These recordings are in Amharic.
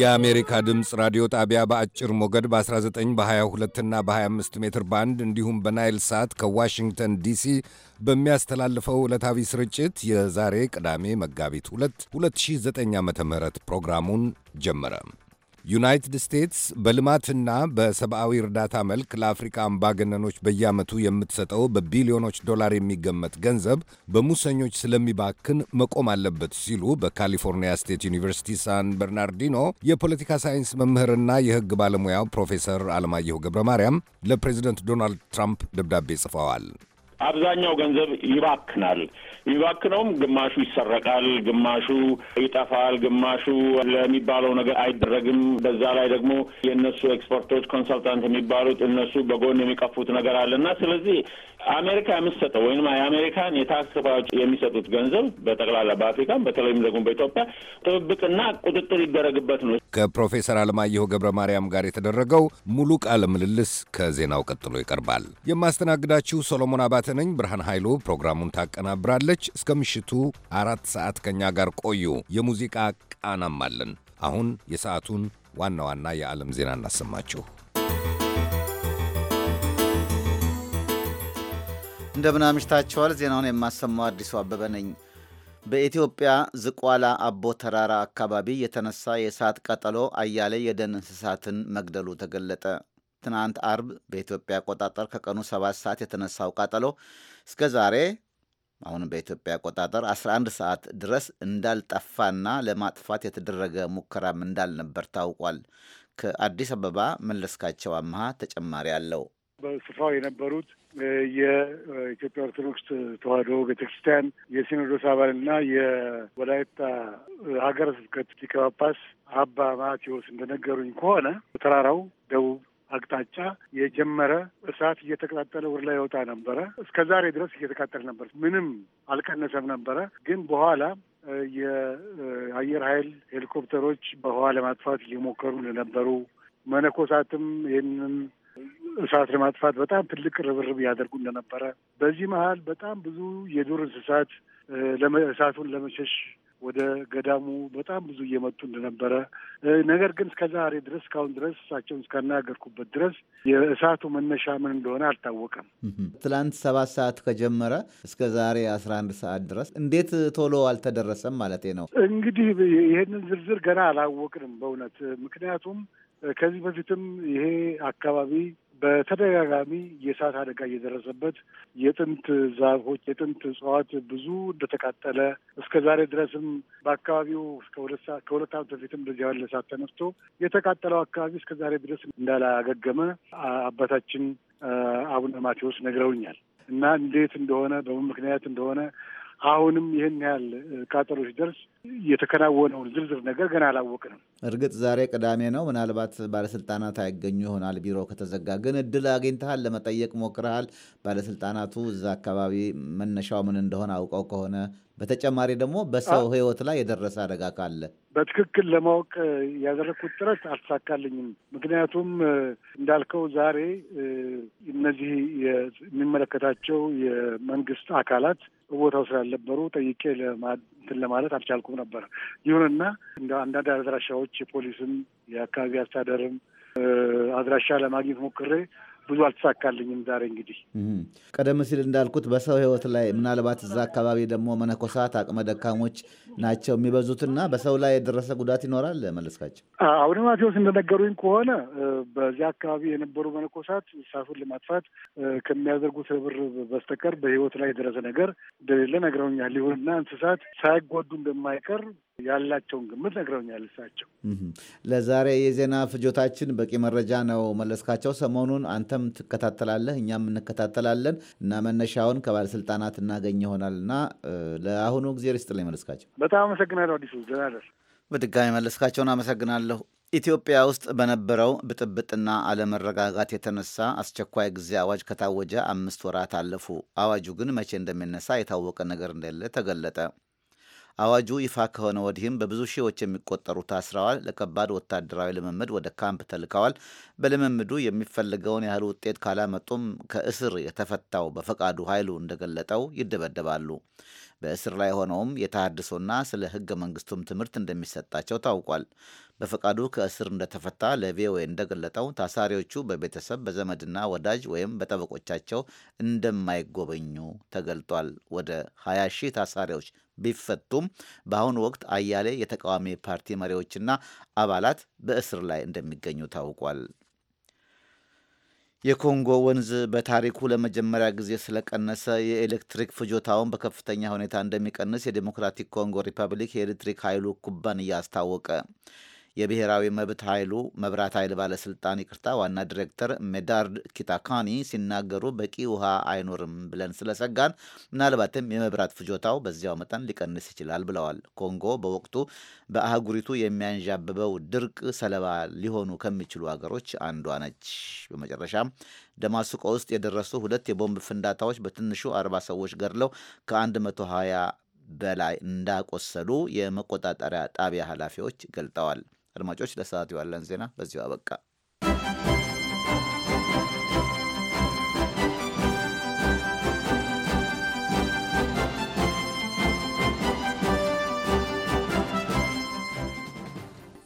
የአሜሪካ ድምፅ ራዲዮ ጣቢያ በአጭር ሞገድ በ19 በ22 እና በ25 ሜትር ባንድ እንዲሁም በናይል ሳት ከዋሽንግተን ዲሲ በሚያስተላልፈው ዕለታዊ ስርጭት የዛሬ ቅዳሜ መጋቢት 2 2009 ዓ.ም ፕሮግራሙን ጀመረ። ዩናይትድ ስቴትስ በልማትና በሰብአዊ እርዳታ መልክ ለአፍሪካ አምባገነኖች በየዓመቱ የምትሰጠው በቢሊዮኖች ዶላር የሚገመት ገንዘብ በሙሰኞች ስለሚባክን መቆም አለበት ሲሉ በካሊፎርኒያ ስቴት ዩኒቨርሲቲ ሳን በርናርዲኖ የፖለቲካ ሳይንስ መምህርና የሕግ ባለሙያው ፕሮፌሰር አለማየሁ ገብረ ማርያም ለፕሬዚደንት ዶናልድ ትራምፕ ደብዳቤ ጽፈዋል። አብዛኛው ገንዘብ ይባክናል። የሚባክነውም ግማሹ ይሰረቃል፣ ግማሹ ይጠፋል፣ ግማሹ ለሚባለው ነገር አይደረግም። በዛ ላይ ደግሞ የእነሱ ኤክስፐርቶች ኮንሰልታንት የሚባሉት እነሱ በጎን የሚቀፉት ነገር እና ስለዚህ አሜሪካ የምትሰጠው ወይም የአሜሪካን የታክስ ከፋዮች የሚሰጡት ገንዘብ በጠቅላላ በአፍሪካም በተለይም ደግሞ በኢትዮጵያ ጥብቅና ቁጥጥር ይደረግበት ነው። ከፕሮፌሰር አለማየሁ ገብረ ማርያም ጋር የተደረገው ሙሉ ቃለ ምልልስ ከዜናው ቀጥሎ ይቀርባል። የማስተናግዳችሁ ሶሎሞን አባተ ነኝ። ብርሃን ኃይሉ ፕሮግራሙን ታቀናብራለች። እስከ ምሽቱ አራት ሰዓት ከኛ ጋር ቆዩ። የሙዚቃ ቃናም አለን። አሁን የሰዓቱን ዋና ዋና የዓለም ዜና እናሰማችሁ። እንደምን አምሽታችኋል። ዜናውን የማሰማው አዲሱ አበበ ነኝ። በኢትዮጵያ ዝቋላ አቦ ተራራ አካባቢ የተነሳ የእሳት ቀጠሎ አያሌ የደን እንስሳትን መግደሉ ተገለጠ። ትናንት አርብ በኢትዮጵያ አቆጣጠር ከቀኑ 7 ሰዓት የተነሳው ቃጠሎ እስከ ዛሬ አሁንም በኢትዮጵያ አቆጣጠር 11 ሰዓት ድረስ እንዳልጠፋና ለማጥፋት የተደረገ ሙከራም እንዳልነበር ታውቋል። ከአዲስ አበባ መለስካቸው አመሃ ተጨማሪ አለው። በስፍራው የነበሩት የኢትዮጵያ ኦርቶዶክስ ተዋሕዶ ቤተክርስቲያን የሲኖዶስ አባልና የወላይታ ሀገረ ስብከት ሊቀ ጳጳስ አባ ማቴዎስ እንደነገሩኝ ከሆነ ተራራው ደቡብ አቅጣጫ የጀመረ እሳት እየተቀጣጠለ ወደ ላይ ወጣ ነበረ። እስከ ዛሬ ድረስ እየተቃጠለ ነበር። ምንም አልቀነሰም ነበረ። ግን በኋላ የአየር ኃይል ሄሊኮፕተሮች በውሃ ለማጥፋት እየሞከሩ እንደነበሩ መነኮሳትም ይህንን እሳት ለማጥፋት በጣም ትልቅ ርብርብ ያደርጉ እንደነበረ፣ በዚህ መሀል በጣም ብዙ የዱር እንስሳት እሳቱን ለመሸሽ ወደ ገዳሙ በጣም ብዙ እየመጡ እንደነበረ፣ ነገር ግን እስከ ዛሬ ድረስ እስካሁን ድረስ እሳቸውን እስካናገርኩበት ድረስ የእሳቱ መነሻ ምን እንደሆነ አልታወቀም። ትላንት ሰባት ሰዓት ከጀመረ እስከ ዛሬ አስራ አንድ ሰዓት ድረስ እንዴት ቶሎ አልተደረሰም ማለት ነው? እንግዲህ ይህንን ዝርዝር ገና አላወቅንም በእውነት ምክንያቱም ከዚህ በፊትም ይሄ አካባቢ በተደጋጋሚ የእሳት አደጋ እየደረሰበት የጥንት ዛፎች፣ የጥንት እጽዋት ብዙ እንደተቃጠለ እስከ ዛሬ ድረስም በአካባቢው ከሁለት ዓመት በፊትም እንደዚህ ያለ እሳት ተነስቶ የተቃጠለው አካባቢ እስከ ዛሬ ድረስ እንዳላገገመ አባታችን አቡነ ማቴዎስ ነግረውኛል እና እንዴት እንደሆነ በምን ምክንያት እንደሆነ አሁንም ይህን ያህል ቃጠሎች ደርስ የተከናወነውን ዝርዝር ነገር ገና አላወቅንም። እርግጥ ዛሬ ቅዳሜ ነው። ምናልባት ባለስልጣናት አይገኙ ይሆናል። ቢሮ ከተዘጋ ግን እድል አግኝተሃል? ለመጠየቅ ሞክረሃል? ባለስልጣናቱ እዛ አካባቢ መነሻው ምን እንደሆነ አውቀው ከሆነ በተጨማሪ ደግሞ በሰው ሕይወት ላይ የደረሰ አደጋ ካለ በትክክል ለማወቅ ያደረግኩት ጥረት አልተሳካልኝም። ምክንያቱም እንዳልከው ዛሬ እነዚህ የሚመለከታቸው የመንግስት አካላት በቦታው ስላልነበሩ ጠይቄ እንትን ለማለት አልቻልኩም ነበር። ይሁንና እንደ አንዳንድ አድራሻዎች የፖሊስም የአካባቢ አስተዳደርም አድራሻ ለማግኘት ሞክሬ ብዙ አልተሳካልኝም። ዛሬ እንግዲህ ቀደም ሲል እንዳልኩት በሰው ህይወት ላይ ምናልባት እዛ አካባቢ ደግሞ መነኮሳት አቅመ ደካሞች ናቸው የሚበዙትና በሰው ላይ የደረሰ ጉዳት ይኖራል። መለስካቸው አቡነ ማቴዎስ እንደነገሩኝ ከሆነ በዚያ አካባቢ የነበሩ መነኮሳት እሳቱን ለማጥፋት ከሚያደርጉት ርብርብ በስተቀር በህይወት ላይ የደረሰ ነገር እንደሌለ ነግረውኛል። ይሁንና እንስሳት ሳይጎዱ እንደማይቀር ያላቸውን ግምት ነግረውኛል እሳቸው። ለዛሬ የዜና ፍጆታችን በቂ መረጃ ነው። መለስካቸው፣ ሰሞኑን አንተም ትከታተላለህ፣ እኛም እንከታተላለን እና መነሻውን ከባለስልጣናት እናገኝ ይሆናል እና ለአሁኑ ጊዜ ርስጥ ላይ መለስካቸው። በጣም አመሰግናለሁ አዲሱ ዘናደር። በድጋሚ መለስካቸውን አመሰግናለሁ። ኢትዮጵያ ውስጥ በነበረው ብጥብጥና አለመረጋጋት የተነሳ አስቸኳይ ጊዜ አዋጅ ከታወጀ አምስት ወራት አለፉ። አዋጁ ግን መቼ እንደሚነሳ የታወቀ ነገር እንደሌለ ተገለጠ። አዋጁ ይፋ ከሆነ ወዲህም በብዙ ሺዎች የሚቆጠሩ ታስረዋል፣ ለከባድ ወታደራዊ ልምምድ ወደ ካምፕ ተልከዋል። በልምምዱ የሚፈልገውን ያህል ውጤት ካላመጡም ከእስር የተፈታው በፈቃዱ ኃይሉ እንደገለጠው ይደበደባሉ። በእስር ላይ ሆነውም የተሃድሶና ስለ ህገ መንግስቱም ትምህርት እንደሚሰጣቸው ታውቋል። በፈቃዱ ከእስር እንደተፈታ ለቪኦኤ እንደገለጠው ታሳሪዎቹ በቤተሰብ በዘመድና ወዳጅ ወይም በጠበቆቻቸው እንደማይጎበኙ ተገልጧል። ወደ 20 ሺህ ታሳሪዎች ቢፈቱም በአሁኑ ወቅት አያሌ የተቃዋሚ ፓርቲ መሪዎችና አባላት በእስር ላይ እንደሚገኙ ታውቋል። የኮንጎ ወንዝ በታሪኩ ለመጀመሪያ ጊዜ ስለቀነሰ የኤሌክትሪክ ፍጆታውን በከፍተኛ ሁኔታ እንደሚቀንስ የዴሞክራቲክ ኮንጎ ሪፐብሊክ የኤሌክትሪክ ኃይሉ ኩባንያ አስታወቀ። የብሔራዊ መብት ኃይሉ መብራት ኃይል ባለስልጣን ይቅርታ ዋና ዲሬክተር ሜዳርድ ኪታካኒ ሲናገሩ በቂ ውሃ አይኖርም ብለን ስለሰጋን ምናልባትም የመብራት ፍጆታው በዚያው መጠን ሊቀንስ ይችላል ብለዋል። ኮንጎ በወቅቱ በአህጉሪቱ የሚያንዣብበው ድርቅ ሰለባ ሊሆኑ ከሚችሉ ሀገሮች አንዷ ነች። በመጨረሻም ደማስቆ ውስጥ የደረሱ ሁለት የቦምብ ፍንዳታዎች በትንሹ 40 ሰዎች ገድለው ከ120 በላይ እንዳቆሰሉ የመቆጣጠሪያ ጣቢያ ኃላፊዎች ገልጠዋል። አድማጮች ለሰዓት የዋለን ዜና በዚሁ አበቃ።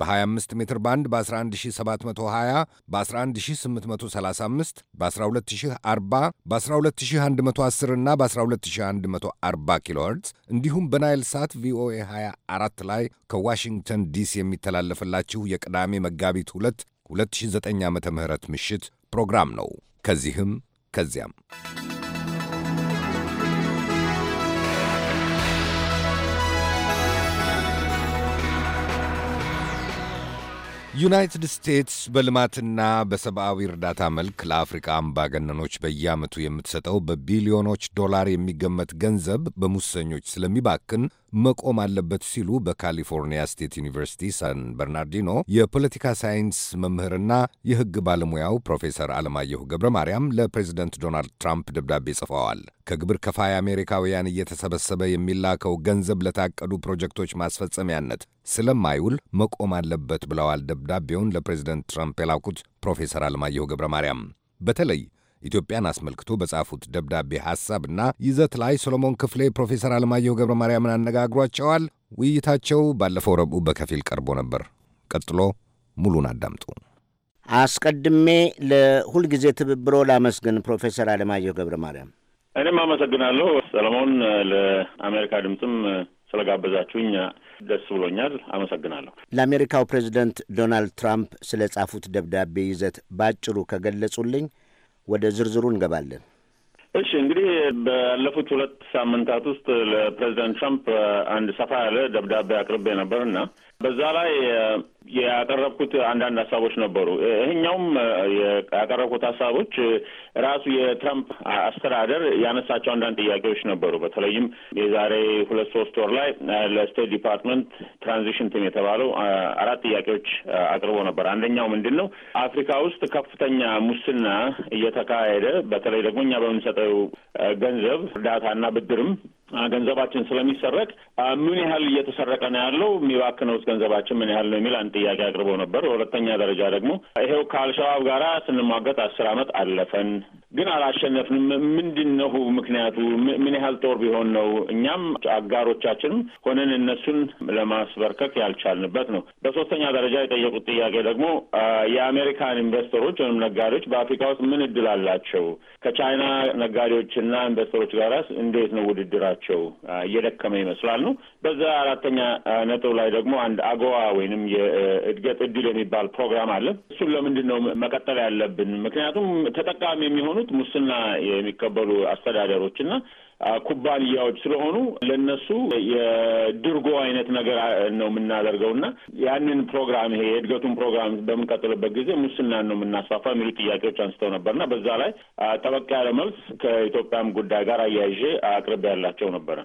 በ25 ሜትር ባንድ በ11720 በ11835 በ12040 በ12110 እና በ12140 ኪሎ እንዲሁም በናይል ሳት ቪኦኤ 24 ላይ ከዋሽንግተን ዲሲ የሚተላለፍላችሁ የቅዳሜ መጋቢት 2 2009 ዓ ም ምሽት ፕሮግራም ነው። ከዚህም ከዚያም ዩናይትድ ስቴትስ በልማትና በሰብአዊ እርዳታ መልክ ለአፍሪካ አምባገነኖች በየዓመቱ የምትሰጠው በቢሊዮኖች ዶላር የሚገመት ገንዘብ በሙሰኞች ስለሚባክን መቆም አለበት ሲሉ በካሊፎርኒያ ስቴት ዩኒቨርሲቲ ሳን በርናርዲኖ የፖለቲካ ሳይንስ መምህርና የሕግ ባለሙያው ፕሮፌሰር አለማየሁ ገብረ ማርያም ለፕሬዚደንት ዶናልድ ትራምፕ ደብዳቤ ጽፈዋል። ከግብር ከፋይ አሜሪካውያን እየተሰበሰበ የሚላከው ገንዘብ ለታቀዱ ፕሮጀክቶች ማስፈጸሚያነት ስለማይውል መቆም አለበት ብለዋል። ደብዳቤውን ለፕሬዚደንት ትራምፕ የላኩት ፕሮፌሰር አለማየሁ ገብረ ማርያም በተለይ ኢትዮጵያን አስመልክቶ በጻፉት ደብዳቤ ሐሳብና ይዘት ላይ ሶሎሞን ክፍሌ ፕሮፌሰር አለማየሁ ገብረ ማርያምን አነጋግሯቸዋል። ውይይታቸው ባለፈው ረቡዕ በከፊል ቀርቦ ነበር። ቀጥሎ ሙሉን አዳምጡ። አስቀድሜ ለሁልጊዜ ትብብሮ ላመስግን ፕሮፌሰር አለማየሁ ገብረ ማርያም። እኔም አመሰግናለሁ ሰለሞን፣ ለአሜሪካ ድምፅም ስለጋበዛችሁኝ ደስ ብሎኛል። አመሰግናለሁ። ለአሜሪካው ፕሬዚደንት ዶናልድ ትራምፕ ስለ ጻፉት ደብዳቤ ይዘት ባጭሩ ከገለጹልኝ ወደ ዝርዝሩ እንገባለን። እሺ እንግዲህ ባለፉት ሁለት ሳምንታት ውስጥ ለፕሬዚደንት ትራምፕ አንድ ሰፋ ያለ ደብዳቤ አቅርቤ ነበር እና በዛ ላይ ያቀረብኩት አንዳንድ ሀሳቦች ነበሩ። ይህኛውም ያቀረብኩት ሀሳቦች ራሱ የትራምፕ አስተዳደር ያነሳቸው አንዳንድ ጥያቄዎች ነበሩ። በተለይም የዛሬ ሁለት ሶስት ወር ላይ ለስቴት ዲፓርትመንት ትራንዚሽን ቲም የተባለው አራት ጥያቄዎች አቅርቦ ነበር። አንደኛው ምንድን ነው? አፍሪካ ውስጥ ከፍተኛ ሙስና እየተካሄደ በተለይ ደግሞ እኛ በምንሰጠው ገንዘብ እርዳታና ብድርም ገንዘባችን ስለሚሰረቅ ምን ያህል እየተሰረቀ ነው ያለው የሚባክነውስ ገንዘባችን ምን ያህል ነው የሚል አንድ ጥያቄ አቅርቦ ነበር። በሁለተኛ ደረጃ ደግሞ ይሄው ከአልሸባብ ጋር ስንሟገት አስር ዓመት አለፈን፣ ግን አላሸነፍንም። ምንድን ነው ምክንያቱ? ምን ያህል ጦር ቢሆን ነው እኛም አጋሮቻችንም ሆነን እነሱን ለማስበርከክ ያልቻልንበት ነው። በሶስተኛ ደረጃ የጠየቁት ጥያቄ ደግሞ የአሜሪካን ኢንቨስተሮች ወይም ነጋዴዎች በአፍሪካ ውስጥ ምን እድል አላቸው? ከቻይና ነጋዴዎችና ኢንቨስተሮች ጋራ እንዴት ነው ውድድራቸው አላቸው እየደከመ ነው። በዛ አራተኛ ነጥብ ላይ ደግሞ አንድ አጎዋ ወይንም የእድገት እድል የሚባል ፕሮግራም አለ። እሱን ለምንድን ነው መቀጠል ያለብን? ምክንያቱም ተጠቃሚ የሚሆኑት ሙስና የሚቀበሉ እና? ኩባንያዎች ስለሆኑ ለነሱ የድርጎ አይነት ነገር ነው የምናደርገው እና ያንን ፕሮግራም ይሄ የእድገቱን ፕሮግራም በምንቀጥልበት ጊዜ ሙስናን ነው የምናስፋፋ የሚሉ ጥያቄዎች አንስተው ነበር እና በዛ ላይ ጠበቅ ያለ መልስ ከኢትዮጵያም ጉዳይ ጋር አያይዤ አቅርብ ያላቸው ነበረ።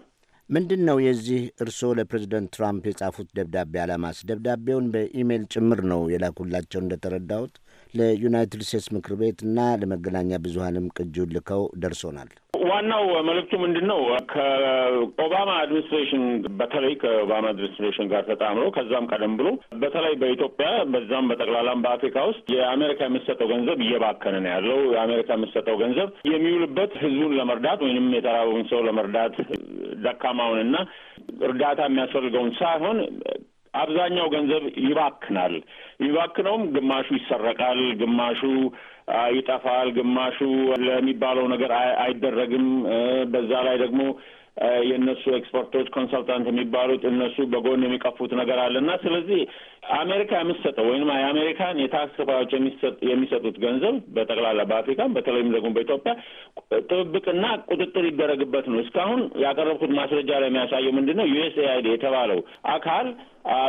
ምንድን ነው የዚህ እርስዎ ለፕሬዚደንት ትራምፕ የጻፉት ደብዳቤ አላማስ? ደብዳቤውን በኢሜይል ጭምር ነው የላኩላቸው እንደተረዳሁት። ለዩናይትድ ስቴትስ ምክር ቤት እና ለመገናኛ ብዙሀንም ቅጂውን ልከው ደርሶናል። ዋናው መልእክቱ ምንድን ነው? ከኦባማ አድሚኒስትሬሽን በተለይ ከኦባማ አድሚኒስትሬሽን ጋር ተጣምሮ ከዛም ቀደም ብሎ በተለይ በኢትዮጵያ በዛም በጠቅላላም በአፍሪካ ውስጥ የአሜሪካ የምትሰጠው ገንዘብ እየባከነ ነው ያለው። የአሜሪካ የምትሰጠው ገንዘብ የሚውልበት ህዝቡን ለመርዳት ወይንም የተራበውን ሰው ለመርዳት ደካማውንና እርዳታ የሚያስፈልገውን ሳይሆን አብዛኛው ገንዘብ ይባክናል። ይባክነውም ግማሹ ይሰረቃል፣ ግማሹ ይጠፋል፣ ግማሹ ለሚባለው ነገር አይደረግም። በዛ ላይ ደግሞ የእነሱ ኤክስፐርቶች ኮንሰልታንት የሚባሉት እነሱ በጎን የሚቀፉት ነገር አለ እና ስለዚህ አሜሪካ የምትሰጠው ወይም የአሜሪካን የታክስ ከፋዮች የሚሰጡት ገንዘብ በጠቅላላ በአፍሪካም በተለይም ደግሞ በኢትዮጵያ ጥብቅና ቁጥጥር ይደረግበት ነው። እስካሁን ያቀረብኩት ማስረጃ ላይ የሚያሳየው ምንድን ነው? ዩኤስኤአይዲ የተባለው አካል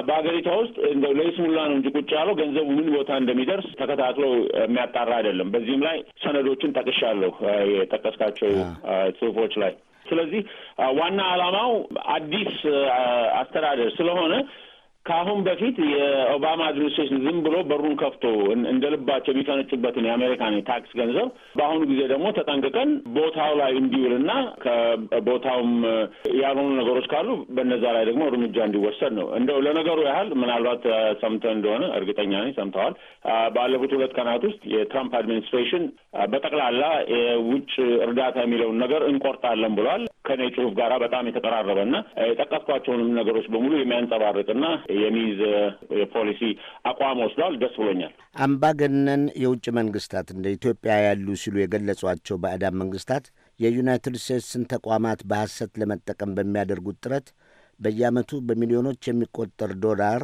በሀገሪቷ ውስጥ እንደው ለይስሙላ ነው እንጂ ቁጭ ያለው ገንዘቡ ምን ቦታ እንደሚደርስ ተከታትሎ የሚያጣራ አይደለም። በዚህም ላይ ሰነዶችን ጠቅሻለሁ የጠቀስካቸው ጽሁፎች ላይ ስለዚህ ዋና ዓላማው አዲስ አስተዳደር ስለሆነ ከአሁን በፊት የኦባማ አድሚኒስትሬሽን ዝም ብሎ በሩን ከፍቶ እንደ ልባቸው የሚፈነጩበትን የአሜሪካን የታክስ ገንዘብ በአሁኑ ጊዜ ደግሞ ተጠንቅቀን ቦታው ላይ እንዲውልና ከቦታውም ያልሆኑ ነገሮች ካሉ በነዛ ላይ ደግሞ እርምጃ እንዲወሰድ ነው። እንደው ለነገሩ ያህል ምናልባት ሰምተ እንደሆነ እርግጠኛ ነኝ ሰምተዋል። ባለፉት ሁለት ቀናት ውስጥ የትራምፕ አድሚኒስትሬሽን በጠቅላላ የውጭ እርዳታ የሚለውን ነገር እንቆርጣለን ብሏል። ከኔ ጽሁፍ ጋር በጣም የተቀራረበ እና የጠቀስኳቸውንም ነገሮች በሙሉ የሚያንጸባርቅና የሚይዝ uh, የፖሊሲ አቋም ወስዷል። ደስ ብሎኛል። አምባገነን የውጭ መንግስታት እንደ ኢትዮጵያ ያሉ ሲሉ የገለጿቸው ባዕዳን መንግስታት የዩናይትድ ስቴትስን ተቋማት በሐሰት ለመጠቀም በሚያደርጉት ጥረት በየዓመቱ በሚሊዮኖች የሚቆጠር ዶላር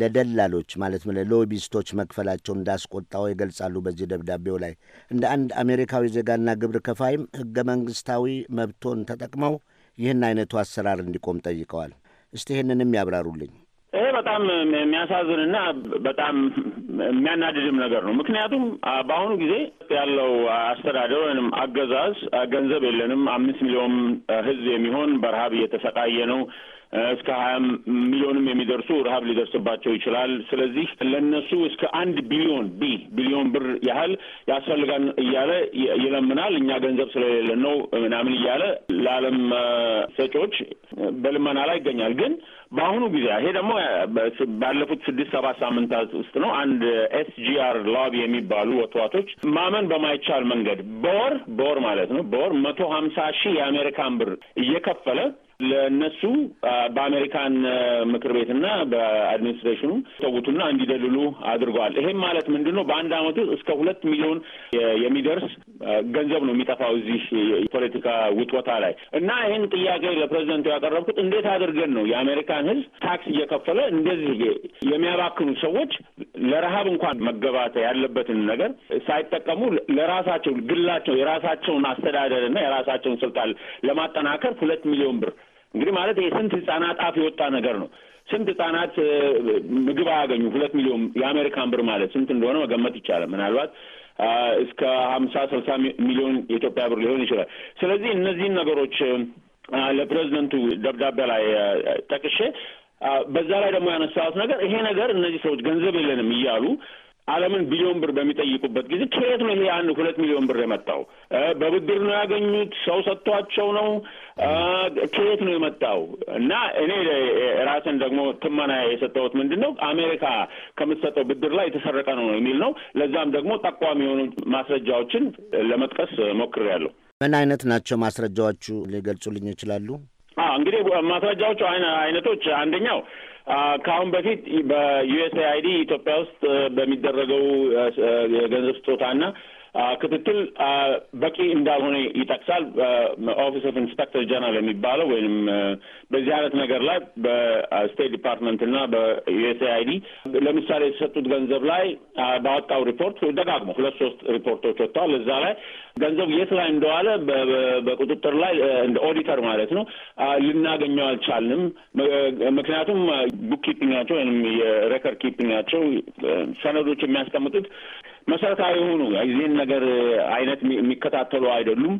ለደላሎች ማለት ለሎቢስቶች መክፈላቸው እንዳስቆጣው ይገልጻሉ። በዚህ ደብዳቤው ላይ እንደ አንድ አሜሪካዊ ዜጋና ግብር ከፋይም ሕገ መንግሥታዊ መብቶን ተጠቅመው ይህን አይነቱ አሰራር እንዲቆም ጠይቀዋል። እስቲ ይህንንም ያብራሩልኝ። ይሄ በጣም የሚያሳዝንና በጣም የሚያናድድም ነገር ነው። ምክንያቱም በአሁኑ ጊዜ ያለው አስተዳደር ወይም አገዛዝ ገንዘብ የለንም፣ አምስት ሚሊዮን ህዝብ የሚሆን በረሀብ እየተሰቃየ ነው እስከ ሀያ ሚሊዮንም የሚደርሱ ረሀብ ሊደርስባቸው ይችላል። ስለዚህ ለነሱ እስከ አንድ ቢሊዮን ቢ ቢሊዮን ብር ያህል ያስፈልጋል እያለ ይለምናል። እኛ ገንዘብ ስለሌለ ነው ምናምን እያለ ለዓለም ሰጪዎች በልመና ላይ ይገኛል። ግን በአሁኑ ጊዜ ይሄ ደግሞ ባለፉት ስድስት ሰባት ሳምንታት ውስጥ ነው። አንድ ኤስጂአር ላቢ የሚባሉ ወትዋቶች ማመን በማይቻል መንገድ በወር በወር ማለት ነው በወር መቶ ሀምሳ ሺህ የአሜሪካን ብር እየከፈለ ለእነሱ በአሜሪካን ምክር ቤትና በአድሚኒስትሬሽኑ ተውቱና እንዲደልሉ አድርገዋል። ይሄም ማለት ምንድን ነው? በአንድ አመት እስከ ሁለት ሚሊዮን የሚደርስ ገንዘብ ነው የሚጠፋው እዚህ የፖለቲካ ውጥወታ ላይ እና ይህን ጥያቄ ለፕሬዚደንቱ ያቀረብኩት እንዴት አድርገን ነው የአሜሪካን ህዝብ ታክስ እየከፈለ እንደዚህ የሚያባክኑ ሰዎች ለረሀብ እንኳን መገባት ያለበትን ነገር ሳይጠቀሙ ለራሳቸው ግላቸው የራሳቸውን አስተዳደር እና የራሳቸውን ስልጣን ለማጠናከር ሁለት ሚሊዮን ብር እንግዲህ ማለት የስንት ስንት ህጻናት አፍ የወጣ ነገር ነው። ስንት ህጻናት ምግብ አያገኙ ሁለት ሚሊዮን የአሜሪካን ብር ማለት ስንት እንደሆነ መገመት ይቻላል። ምናልባት እስከ ሀምሳ ስልሳ ሚሊዮን የኢትዮጵያ ብር ሊሆን ይችላል። ስለዚህ እነዚህን ነገሮች ለፕሬዚደንቱ ደብዳቤ ላይ ጠቅሼ በዛ ላይ ደግሞ ያነሳሁት ነገር ይሄ ነገር እነዚህ ሰዎች ገንዘብ የለንም እያሉ ዓለምን ቢሊዮን ብር በሚጠይቁበት ጊዜ ከየት ነው ይሄ አንድ ሁለት ሚሊዮን ብር የመጣው? በብድር ነው ያገኙት? ሰው ሰጥቷቸው ነው? ከየት ነው የመጣው? እና እኔ ራስን ደግሞ ትመና የሰጠሁት ምንድን ነው አሜሪካ ከምትሰጠው ብድር ላይ የተሰረቀ ነው የሚል ነው። ለዛም ደግሞ ጠቋሚ የሆኑ ማስረጃዎችን ለመጥቀስ ሞክሬያለሁ። ምን አይነት ናቸው ማስረጃዎቹ? ሊገልጹልኝ ይችላሉ? እንግዲህ ማስረጃዎቹ አይነቶች አንደኛው ከአሁን በፊት በዩኤስኤአይዲ ኢትዮጵያ ውስጥ በሚደረገው የገንዘብ ስጦታና ክትትል በቂ እንዳልሆነ ይጠቅሳል። ኦፊስ ኦፍ ኢንስፔክተር ጀነራል የሚባለው ወይም በዚህ አይነት ነገር ላይ በስቴት ዲፓርትመንት እና በዩኤስኤአይዲ ለምሳሌ የተሰጡት ገንዘብ ላይ ባወጣው ሪፖርት ደጋግሞ ሁለት ሶስት ሪፖርቶች ወጥተዋል። እዛ ላይ ገንዘብ የት ላይ እንደዋለ በቁጥጥር ላይ እንደ ኦዲተር ማለት ነው ልናገኘው አልቻልንም። ምክንያቱም ቡክ ኪፒንግ ናቸው ወይም የሬከርድ ኪፒንግ ናቸው ሰነዶች የሚያስቀምጡት መሰረታዊ የሆኑ ይህን ነገር አይነት የሚከታተሉ አይደሉም።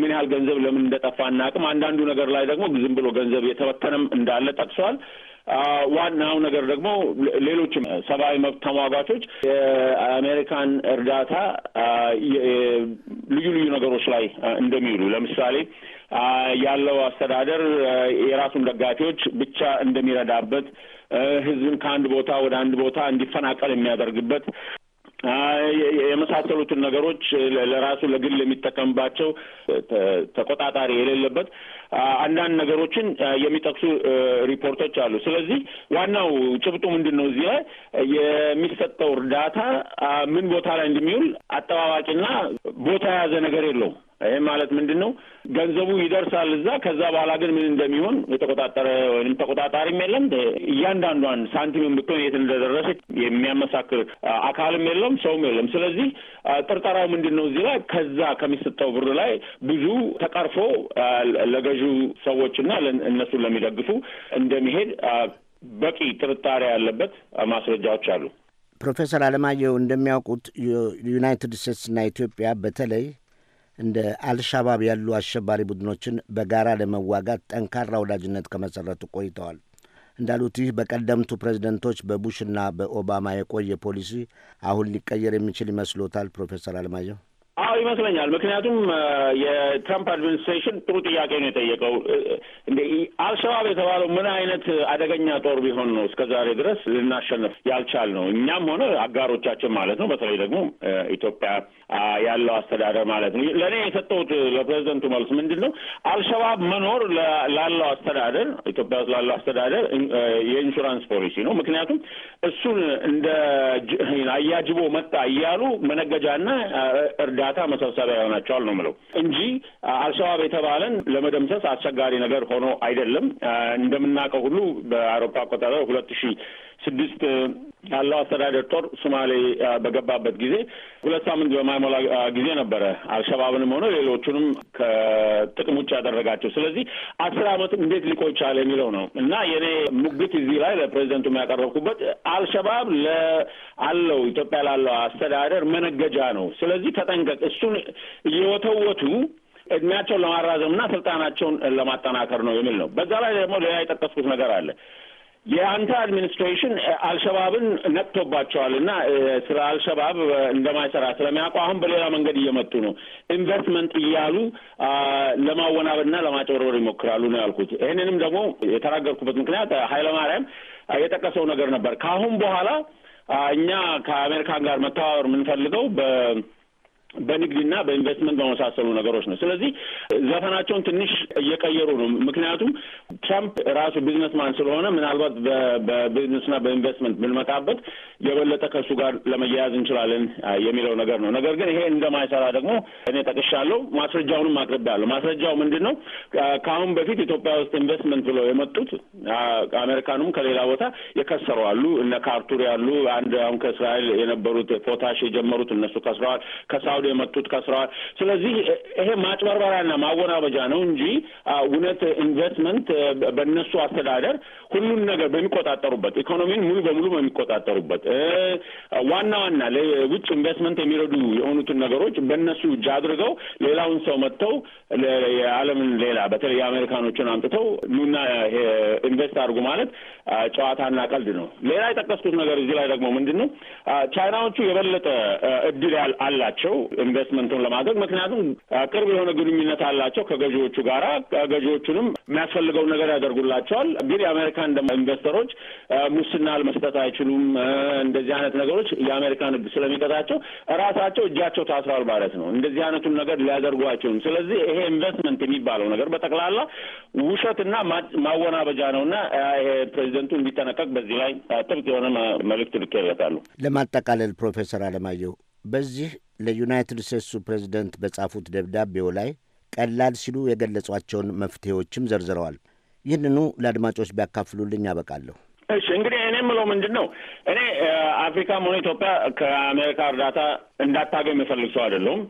ምን ያህል ገንዘብ ለምን እንደጠፋ እናቅም። አንዳንዱ ነገር ላይ ደግሞ ዝም ብሎ ገንዘብ የተበተነም እንዳለ ጠቅሷል። ዋናው ነገር ደግሞ ሌሎችም ሰብአዊ መብት ተሟጋቾች የአሜሪካን እርዳታ ልዩ ልዩ ነገሮች ላይ እንደሚውሉ ለምሳሌ ያለው አስተዳደር የራሱን ደጋፊዎች ብቻ እንደሚረዳበት፣ ህዝብን ከአንድ ቦታ ወደ አንድ ቦታ እንዲፈናቀል የሚያደርግበት የመሳሰሉትን ነገሮች ለራሱ ለግል የሚጠቀምባቸው ተቆጣጣሪ የሌለበት አንዳንድ ነገሮችን የሚጠቅሱ ሪፖርቶች አሉ። ስለዚህ ዋናው ጭብጡ ምንድን ነው? እዚህ ላይ የሚሰጠው እርዳታ ምን ቦታ ላይ እንደሚውል አጠባባቂና ቦታ የያዘ ነገር የለውም። ይህ ማለት ምንድን ነው? ገንዘቡ ይደርሳል እዛ። ከዛ በኋላ ግን ምን እንደሚሆን የተቆጣጠረ ወይም ተቆጣጣሪም የለም። እያንዳንዷን ሳንቲምም ብትሆን የት እንደደረሰ የሚያመሳክር አካልም የለም፣ ሰውም የለም። ስለዚህ ጥርጠራው ምንድን ነው? እዚህ ላይ ከዛ ከሚሰጠው ብር ላይ ብዙ ተቀርፎ ለገዢው ሰዎችና እነሱን ለሚደግፉ እንደሚሄድ በቂ ጥርጣሬ ያለበት ማስረጃዎች አሉ። ፕሮፌሰር አለማየሁ እንደሚያውቁት ዩናይትድ ስቴትስና ኢትዮጵያ በተለይ እንደ አልሻባብ ያሉ አሸባሪ ቡድኖችን በጋራ ለመዋጋት ጠንካራ ወዳጅነት ከመሠረቱ ቆይተዋል። እንዳሉት ይህ በቀደምቱ ፕሬዝደንቶች በቡሽና በኦባማ የቆየ ፖሊሲ አሁን ሊቀየር የሚችል ይመስሎታል? ፕሮፌሰር አለማየሁ አዎ ይመስለኛል። ምክንያቱም የትራምፕ አድሚኒስትሬሽን ጥሩ ጥያቄ ነው የጠየቀው። እንደ አልሸባብ የተባለው ምን አይነት አደገኛ ጦር ቢሆን ነው እስከ ዛሬ ድረስ ልናሸንፍ ያልቻል ነው? እኛም ሆነ አጋሮቻችን ማለት ነው። በተለይ ደግሞ ኢትዮጵያ ያለው አስተዳደር ማለት ነው። ለእኔ የሰጠሁት ለፕሬዚደንቱ መልስ ምንድን ነው? አልሸባብ መኖር ላለው አስተዳደር፣ ኢትዮጵያ ውስጥ ላለው አስተዳደር የኢንሹራንስ ፖሊሲ ነው። ምክንያቱም እሱን እንደ አያጅቦ መጣ እያሉ መነገጃና እርዳ እርዳታ መሰብሰቢያ ይሆናቸዋል ነው ምለው እንጂ አልሸባብ የተባለን ለመደምሰስ አስቸጋሪ ነገር ሆኖ አይደለም። እንደምናውቀው ሁሉ በአውሮፓ አቆጣጠር ሁለት ሺ ስድስት ያለው አስተዳደር ጦር ሶማሌ በገባበት ጊዜ ሁለት ሳምንት በማይሞላ ጊዜ ነበረ አልሸባብንም ሆነ ሌሎቹንም ከጥቅም ውጭ ያደረጋቸው። ስለዚህ አስር አመት እንዴት ሊቆይ ቻለ የሚለው ነው እና የኔ ሙግት እዚህ ላይ ለፕሬዚደንቱ የሚያቀረብኩበት አልሸባብ ለአለው ኢትዮጵያ ላለው አስተዳደር መነገጃ ነው። ስለዚህ ተጠንቀቅ። እሱን እየወተወቱ እድሜያቸውን ለማራዘም እና ስልጣናቸውን ለማጠናከር ነው የሚል ነው። በዛ ላይ ደግሞ ሌላ የጠቀስኩት ነገር አለ። የአንተ አድሚኒስትሬሽን አልሸባብን ነቅቶባቸዋል እና ስለ አልሸባብ እንደማይሰራ ስለሚያውቁ አሁን በሌላ መንገድ እየመጡ ነው። ኢንቨስትመንት እያሉ ለማወናበድና ለማጭበርበር ይሞክራሉ ነው ያልኩት። ይህንንም ደግሞ የተናገርኩበት ምክንያት ኃይለማርያም የጠቀሰው ነገር ነበር። ከአሁን በኋላ እኛ ከአሜሪካን ጋር መተባበር የምንፈልገው በ በንግድና በኢንቨስትመንት በመሳሰሉ ነገሮች ነው። ስለዚህ ዘፈናቸውን ትንሽ እየቀየሩ ነው። ምክንያቱም ትራምፕ ራሱ ቢዝነስማን ስለሆነ ምናልባት በቢዝነስና በኢንቨስትመንት ብንመጣበት የበለጠ ከእሱ ጋር ለመያያዝ እንችላለን የሚለው ነገር ነው። ነገር ግን ይሄ እንደማይሰራ ደግሞ እኔ ጠቅሻለሁ፣ ማስረጃውንም አቅርቤያለሁ። ማስረጃው ምንድን ነው? ከአሁን በፊት ኢትዮጵያ ውስጥ ኢንቨስትመንት ብለው የመጡት አሜሪካኑም ከሌላ ቦታ የከሰሩ አሉ። እነ ካርቱር ያሉ አንድ አሁን ከእስራኤል የነበሩት ፖታሽ የጀመሩት እነሱ ከስረዋል። ከሳውዲ ወደ የመጡት ከስረዋል። ስለዚህ ይሄ ማጭበርበሪያና ማወናበጃ ነው እንጂ እውነት ኢንቨስትመንት በእነሱ አስተዳደር ሁሉን ነገር በሚቆጣጠሩበት ኢኮኖሚን ሙሉ በሙሉ በሚቆጣጠሩበት ዋና ዋና ለውጭ ኢንቨስትመንት የሚረዱ የሆኑትን ነገሮች በእነሱ እጅ አድርገው ሌላውን ሰው መጥተው የዓለምን ሌላ በተለይ የአሜሪካኖችን አምጥተው ኑና ኢንቨስት አድርጉ ማለት ጨዋታና ቀልድ ነው። ሌላ የጠቀስኩት ነገር እዚህ ላይ ደግሞ ምንድን ነው ቻይናዎቹ የበለጠ እድል አላቸው ኢንቨስትመንቱን ለማድረግ ምክንያቱም ቅርብ የሆነ ግንኙነት አላቸው ከገዢዎቹ ጋራ ገዢዎቹንም የሚያስፈልገውን ነገር ያደርጉላቸዋል ግን የአሜሪካን ኢንቨስተሮች ሙስና ለመስጠት አይችሉም። እንደዚህ አይነት ነገሮች የአሜሪካን ህግ ስለሚቀጣቸው ራሳቸው እጃቸው ታስሯል ማለት ነው። እንደዚህ አይነቱን ነገር ሊያደርጉ አይችሉም። ስለዚህ ይሄ ኢንቨስትመንት የሚባለው ነገር በጠቅላላ ውሸትና ማወናበጃ ይሄ ፕሬዚደንቱ እንዲጠነቀቅ በዚህ ላይ ጥብቅ የሆነ መልእክት ልኬለታሉ። ለማጠቃለል ፕሮፌሰር አለማየሁ በዚህ ለዩናይትድ ስቴትሱ ፕሬዚደንት በጻፉት ደብዳቤው ላይ ቀላል ሲሉ የገለጿቸውን መፍትሄዎችም ዘርዝረዋል። ይህንኑ ለአድማጮች ቢያካፍሉልኝ ያበቃለሁ። እሺ እንግዲህ እኔ የምለው ምንድን ነው፣ እኔ አፍሪካም ሆነ ኢትዮጵያ ከአሜሪካ እርዳታ እንዳታገኝ የምፈልግ ሰው አይደለሁም።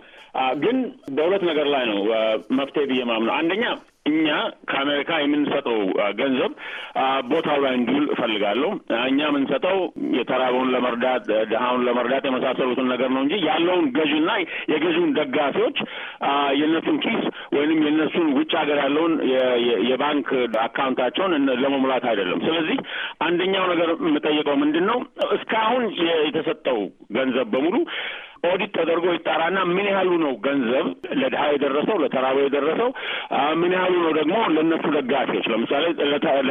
ግን በሁለት ነገር ላይ ነው መፍትሄ ብዬ ማምነው። አንደኛ እኛ ከአሜሪካ የምንሰጠው ገንዘብ ቦታው ላይ እንዲውል እፈልጋለሁ። እኛ የምንሰጠው የተራበውን ለመርዳት ድሃውን ለመርዳት የመሳሰሉትን ነገር ነው እንጂ ያለውን ገዥና የገዥውን ደጋፊዎች የእነሱን ኪስ ወይንም የእነሱን ውጭ ሀገር ያለውን የባንክ አካውንታቸውን ለመሙላት አይደለም። ስለዚህ አንደኛው ነገር የምጠይቀው ምንድን ነው እስካሁን የተሰጠው ገንዘብ በሙሉ ኦዲት ተደርጎ ይጣራና ምን ያህሉ ነው ገንዘብ ለድሃ የደረሰው ለተራበው የደረሰው ምን ያህሉ ነው ደግሞ ለእነሱ ደጋፊዎች ለምሳሌ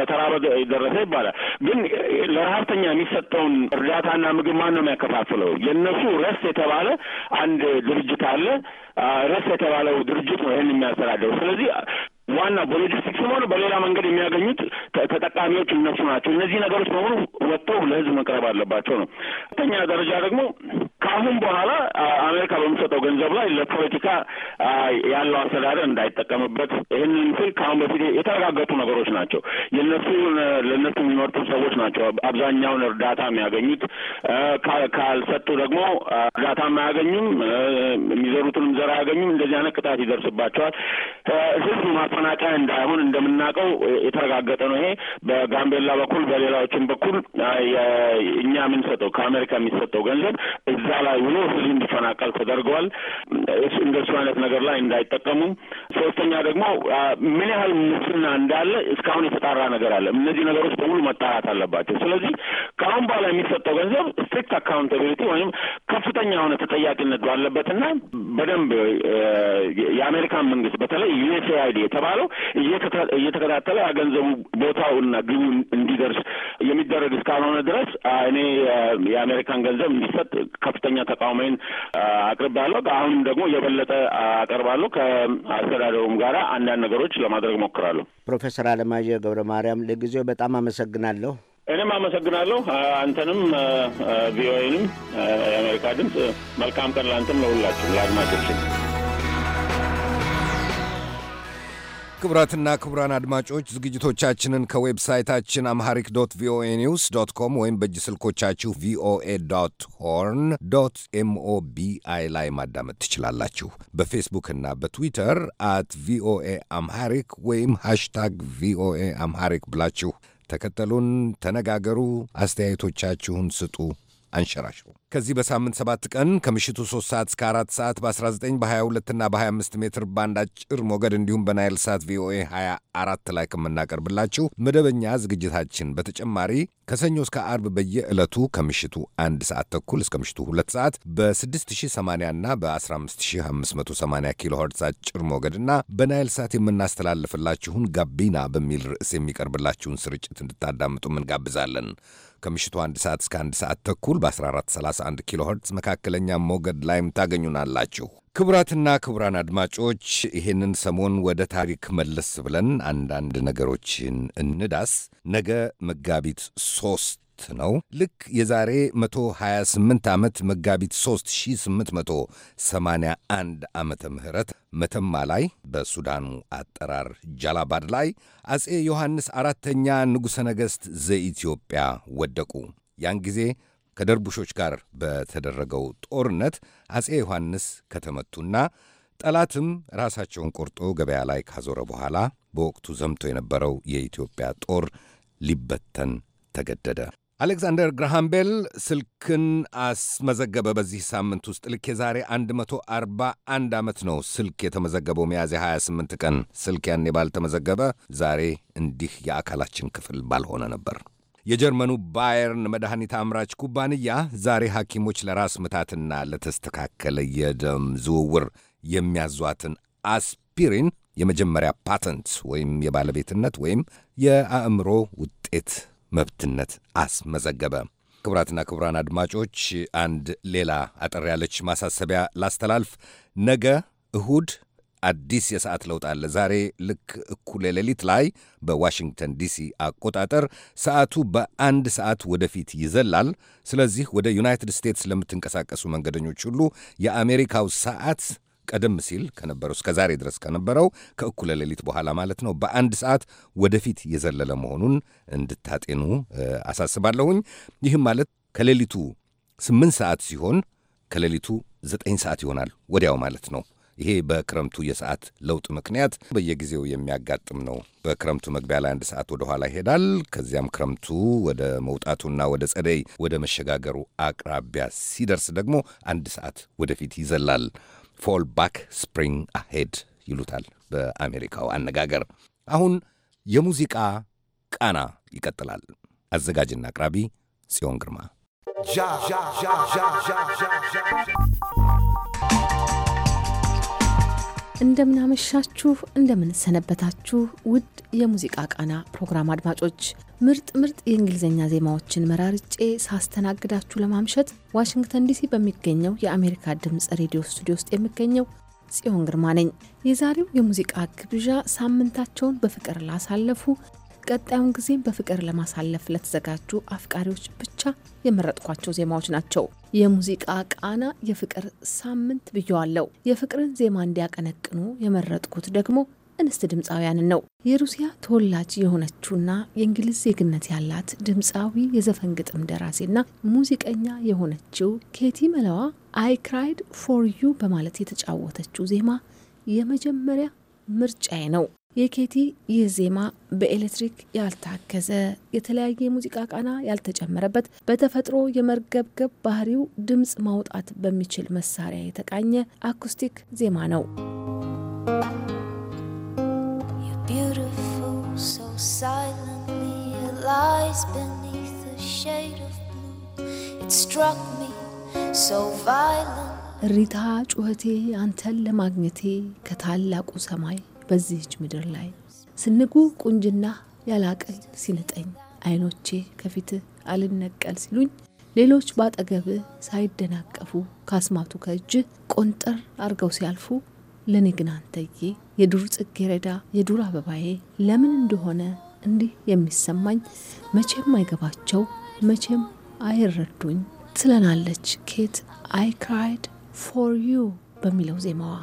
ለተራበ የደረሰ ይባላል። ግን ለረሀብተኛ የሚሰጠውን እርዳታና ምግብ ማን ነው የሚያከፋፍለው? የእነሱ ረስ የተባለ አንድ ድርጅት አለ። ረስ የተባለው ድርጅት ነው ይህን የሚያስተዳደሩ ስለዚህ ዋና በሎጂስቲክስ ሆነ በሌላ መንገድ የሚያገኙት ተጠቃሚዎች እነሱ ናቸው። እነዚህ ነገሮች በሙሉ ወጥቶ ለህዝብ መቅረብ አለባቸው ነው። ሁለተኛ ደረጃ ደግሞ ከአሁን በኋላ አሜሪካ በምሰጠው ገንዘብ ላይ ለፖለቲካ ያለው አስተዳደር እንዳይጠቀምበት። ይህንን ስል ከአሁን በፊት የተረጋገጡ ነገሮች ናቸው። የነሱ ለእነሱ የሚመርጡ ሰዎች ናቸው አብዛኛውን እርዳታ የሚያገኙት። ካልሰጡ ደግሞ እርዳታም አያገኙም፣ የሚዘሩትንም ዘር አያገኙም። እንደዚህ አይነት ቅጣት ይደርስባቸዋል። ህዝብ ተፈናቃይ እንዳይሆን እንደምናውቀው የተረጋገጠ ነው። ይሄ በጋምቤላ በኩል በሌላዎችም በኩል እኛ የምንሰጠው ከአሜሪካ የሚሰጠው ገንዘብ እዛ ላይ ብሎ ህዝብ እንዲፈናቀል ተደርገዋል። እንደሱ አይነት ነገር ላይ እንዳይጠቀሙ። ሶስተኛ ደግሞ ምን ያህል ሙስና እንዳለ እስካሁን የተጣራ ነገር አለ። እነዚህ ነገሮች በሙሉ መጣራት አለባቸው። ስለዚህ ከአሁን በኋላ የሚሰጠው ገንዘብ ስትሪክት አካውንታቢሊቲ ወይም ከፍተኛ የሆነ ተጠያቂነት ባለበትና በደንብ የአሜሪካን መንግስት በተለይ ዩኤስኤአይዲ የተባ የተባለው እየተከታተለ ገንዘቡ ቦታውና ግቡ እንዲደርስ የሚደረግ እስካልሆነ ድረስ እኔ የአሜሪካን ገንዘብ እንዲሰጥ ከፍተኛ ተቃውሞዬን አቅርባለሁ። አሁንም ደግሞ የበለጠ አቀርባለሁ። ከአስተዳደሩም ጋር አንዳንድ ነገሮች ለማድረግ ሞክራለሁ። ፕሮፌሰር አለማየሁ ገብረ ማርያም ለጊዜው በጣም አመሰግናለሁ። እኔም አመሰግናለሁ። አንተንም፣ ቪኦኤንም፣ የአሜሪካ ድምፅ መልካም ቀን ለአንተም፣ ለሁላችሁ ለአድማጮችን ክቡራትና ክቡራን አድማጮች ዝግጅቶቻችንን ከዌብሳይታችን አምሃሪክ ዶት ቪኦኤ ኒውስ ዶት ኮም ወይም በእጅ ስልኮቻችሁ ቪኦኤ ዶት ሆርን ዶት ኤምኦቢአይ ላይ ማዳመጥ ትችላላችሁ። በፌስቡክና በትዊተር አት ቪኦኤ አምሃሪክ ወይም ሃሽታግ ቪኦኤ አምሃሪክ ብላችሁ ተከተሉን፣ ተነጋገሩ፣ አስተያየቶቻችሁን ስጡ። አንሸራሽሩ። ከዚህ በሳምንት 7 ቀን ከምሽቱ 3 ሰዓት እስከ 4 ሰዓት በ19 በ22 እና በ25 ሜትር ባንድ አጭር ሞገድ እንዲሁም በናይል ሳት ቪኦኤ 24 ላይ ከምናቀርብላችሁ መደበኛ ዝግጅታችን በተጨማሪ ከሰኞ እስከ አርብ በየዕለቱ ከምሽቱ 1 ሰዓት ተኩል እስከ ምሽቱ 2 ሰዓት በ6080 እና በ15580 ኪሎ ሄርትዝ አጭር እና በናይል ሳት የምናስተላልፍላችሁን ጋቢና በሚል ርዕስ የሚቀርብላችሁን ስርጭት እንድታዳምጡ እንጋብዛለን። ከምሽቱ አንድ ሰዓት እስከ አንድ ሰዓት ተኩል በ1431 ኪሎ ኸርትዝ መካከለኛ ሞገድ ላይም ታገኙናላችሁ። ክቡራትና ክቡራን አድማጮች ይህንን ሰሞን ወደ ታሪክ መለስ ብለን አንዳንድ ነገሮችን እንዳስ። ነገ መጋቢት ሶስት ሁለት ነው። ልክ የዛሬ 128 ዓመት መጋቢት 3881 ዓመተ ምህረት መተማ ላይ በሱዳኑ አጠራር ጃላባድ ላይ አጼ ዮሐንስ አራተኛ ንጉሠ ነገሥት ዘኢትዮጵያ ወደቁ። ያን ጊዜ ከደርቡሾች ጋር በተደረገው ጦርነት አጼ ዮሐንስ ከተመቱና ጠላትም ራሳቸውን ቆርጦ ገበያ ላይ ካዞረ በኋላ በወቅቱ ዘምቶ የነበረው የኢትዮጵያ ጦር ሊበተን ተገደደ። አሌክዛንደር ግርሃም ቤል ስልክን አስመዘገበ። በዚህ ሳምንት ውስጥ ልክ የዛሬ 141 ዓመት ነው ስልክ የተመዘገበው። ሚያዝያ 28 ቀን ስልክ ያኔ ባልተመዘገበ ዛሬ እንዲህ የአካላችን ክፍል ባልሆነ ነበር። የጀርመኑ ባየርን መድኃኒት አምራች ኩባንያ ዛሬ ሐኪሞች ለራስ ምታትና ለተስተካከለ የደም ዝውውር የሚያዟትን አስፒሪን የመጀመሪያ ፓተንት ወይም የባለቤትነት ወይም የአእምሮ ውጤት መብትነት አስመዘገበ። ክቡራትና ክቡራን አድማጮች አንድ ሌላ አጠር ያለች ማሳሰቢያ ላስተላልፍ። ነገ እሁድ አዲስ የሰዓት ለውጥ አለ። ዛሬ ልክ እኩለ ሌሊት ላይ በዋሽንግተን ዲሲ አቆጣጠር ሰዓቱ በአንድ ሰዓት ወደፊት ይዘላል። ስለዚህ ወደ ዩናይትድ ስቴትስ ለምትንቀሳቀሱ መንገደኞች ሁሉ የአሜሪካው ሰዓት ቀደም ሲል ከነበረው እስከ ዛሬ ድረስ ከነበረው ከእኩለ ሌሊት በኋላ ማለት ነው በአንድ ሰዓት ወደፊት የዘለለ መሆኑን እንድታጤኑ አሳስባለሁኝ። ይህም ማለት ከሌሊቱ ስምንት ሰዓት ሲሆን ከሌሊቱ ዘጠኝ ሰዓት ይሆናል ወዲያው ማለት ነው። ይሄ በክረምቱ የሰዓት ለውጥ ምክንያት በየጊዜው የሚያጋጥም ነው። በክረምቱ መግቢያ ላይ አንድ ሰዓት ወደኋላ ይሄዳል። ከዚያም ክረምቱ ወደ መውጣቱና ወደ ጸደይ ወደ መሸጋገሩ አቅራቢያ ሲደርስ ደግሞ አንድ ሰዓት ወደፊት ይዘላል። ፎል ባክ ስፕሪንግ አሄድ ይሉታል በአሜሪካው አነጋገር። አሁን የሙዚቃ ቃና ይቀጥላል። አዘጋጅና አቅራቢ ጽዮን ግርማ። እንደምናመሻችሁ፣ እንደምንሰነበታችሁ ውድ የሙዚቃ ቃና ፕሮግራም አድማጮች ምርጥ ምርጥ የእንግሊዝኛ ዜማዎችን መራርጬ ሳስተናግዳችሁ ለማምሸት ዋሽንግተን ዲሲ በሚገኘው የአሜሪካ ድምፅ ሬዲዮ ስቱዲዮ ውስጥ የሚገኘው ጽዮን ግርማ ነኝ። የዛሬው የሙዚቃ ግብዣ ሳምንታቸውን በፍቅር ላሳለፉ፣ ቀጣዩን ጊዜም በፍቅር ለማሳለፍ ለተዘጋጁ አፍቃሪዎች ብቻ የመረጥኳቸው ዜማዎች ናቸው። የሙዚቃ ቃና የፍቅር ሳምንት ብየዋለው። የፍቅርን ዜማ እንዲያቀነቅኑ የመረጥኩት ደግሞ እንስት ድምፃውያንን ነው። የሩሲያ ተወላጅ የሆነችውና የእንግሊዝ ዜግነት ያላት ድምፃዊ የዘፈን ግጥም ደራሲና ሙዚቀኛ የሆነችው ኬቲ መለዋ አይ ክራይድ ፎር ዩ በማለት የተጫወተችው ዜማ የመጀመሪያ ምርጫዬ ነው። የኬቲ ይህ ዜማ በኤሌክትሪክ ያልታከዘ የተለያየ የሙዚቃ ቃና ያልተጨመረበት በተፈጥሮ የመርገብገብ ባህሪው ድምፅ ማውጣት በሚችል መሳሪያ የተቃኘ አኩስቲክ ዜማ ነው። beautiful, so silently it lies beneath the shade of blue. It struck me so እሪታ ጩኸቴ አንተን ለማግኘቴ ከታላቁ ሰማይ በዚህች ምድር ላይ ስንጉ ቁንጅና ያላቀል ሲንጠኝ አይኖቼ ከፊትህ አልነቀል ሲሉኝ ሌሎች ባጠገብህ ሳይደናቀፉ ካስማቱ ከእጅህ ቆንጠር አርገው ሲያልፉ ለኔ ግን አንተዬ የዱር ጽጌረዳ የዱር አበባዬ ለምን እንደሆነ እንዲህ የሚሰማኝ መቼም አይገባቸው መቼም አይረዱኝ ትለናለች ኬት አይ ክራይድ ፎር ዩ በሚለው ዜማዋ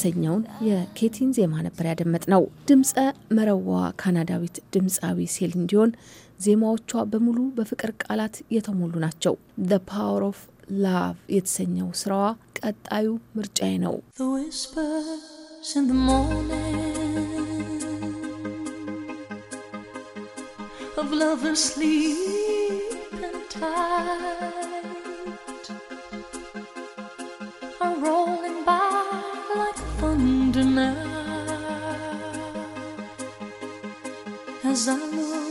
የተሰኘውን የኬቲን ዜማ ነበር ያደመጥ ነው። ድምፀ መረዋ ካናዳዊት ድምፃዊ ሴል እንዲሆን ዜማዎቿ በሙሉ በፍቅር ቃላት የተሞሉ ናቸው። ዘ ፓወር ኦፍ ላቭ የተሰኘው ስራዋ ቀጣዩ ምርጫዬ ነው። of sleep wonder now as I look.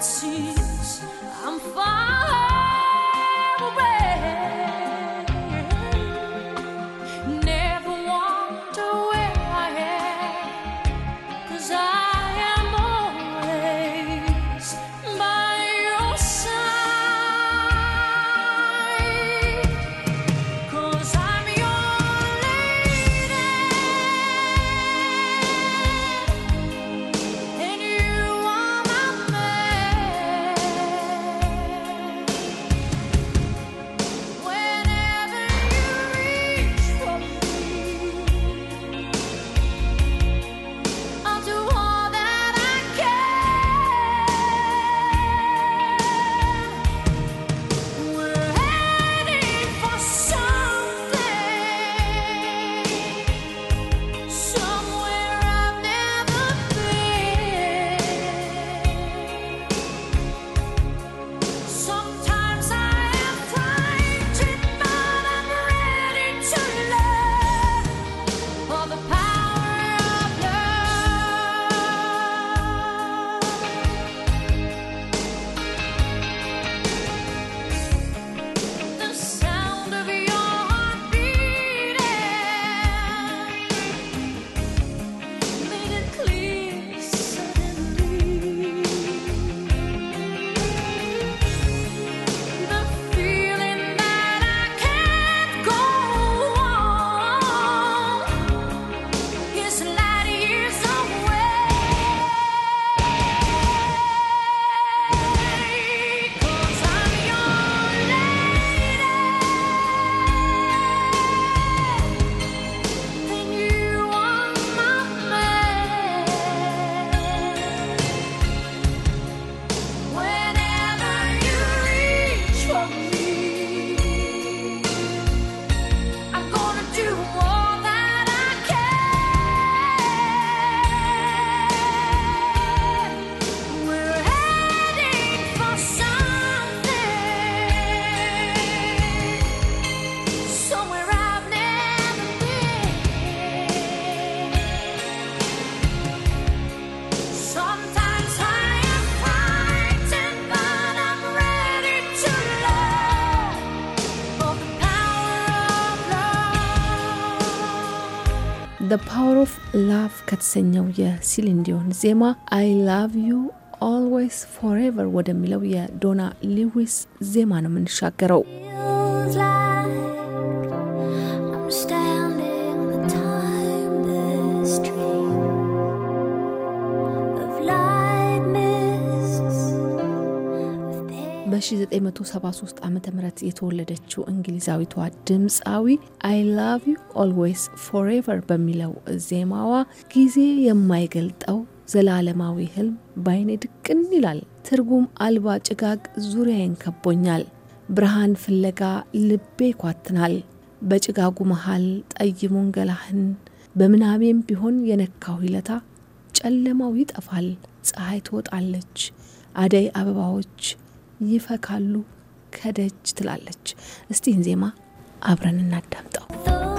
起。ከተሰኘው የሲሊን ዲዮን ዜማ አይ ላቭ ዩ ኦልዌይስ ፎሬቨር ወደሚለው የዶና ሊዊስ ዜማ ነው የምንሻገረው። 1973 ዓ ም የተወለደችው እንግሊዛዊቷ ድምፃዊ አይ ላቭ ዩ ኦልዌይስ ፎሬቨር በሚለው ዜማዋ ጊዜ የማይገልጠው ዘላለማዊ ህልም ባይኔ ድቅን ይላል። ትርጉም አልባ ጭጋግ ዙሪያዬን ከቦኛል፣ ብርሃን ፍለጋ ልቤ ይኳትናል። በጭጋጉ መሃል ጠይሙን ገላህን በምናቤም ቢሆን የነካው ይለታ ጨለማው ይጠፋል፣ ፀሐይ ትወጣለች፣ አደይ አበባዎች ይፈካሉ። ከደጅ ትላለች። እስቲ ዜማ አብረን እናዳምጠው።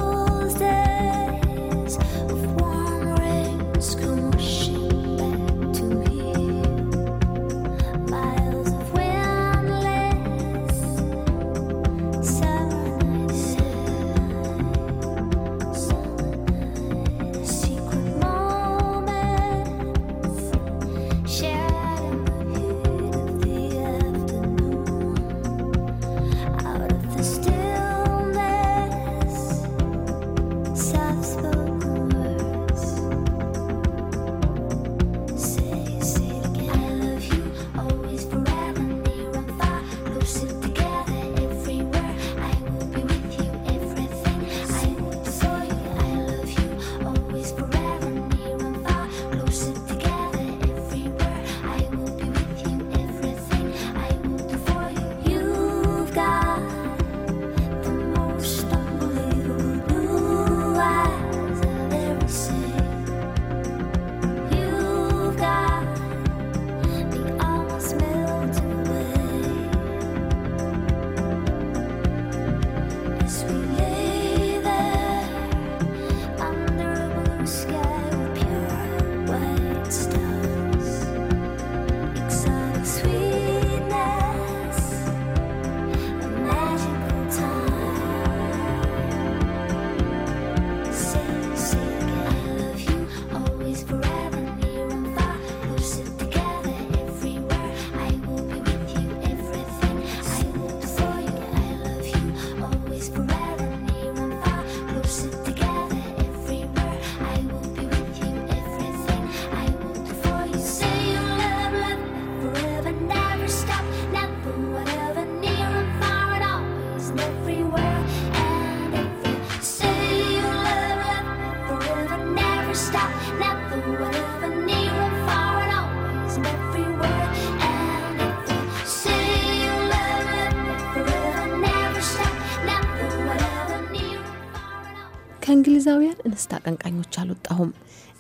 ከእንግሊዛውያን እንስት አቀንቃኞች አልወጣሁም።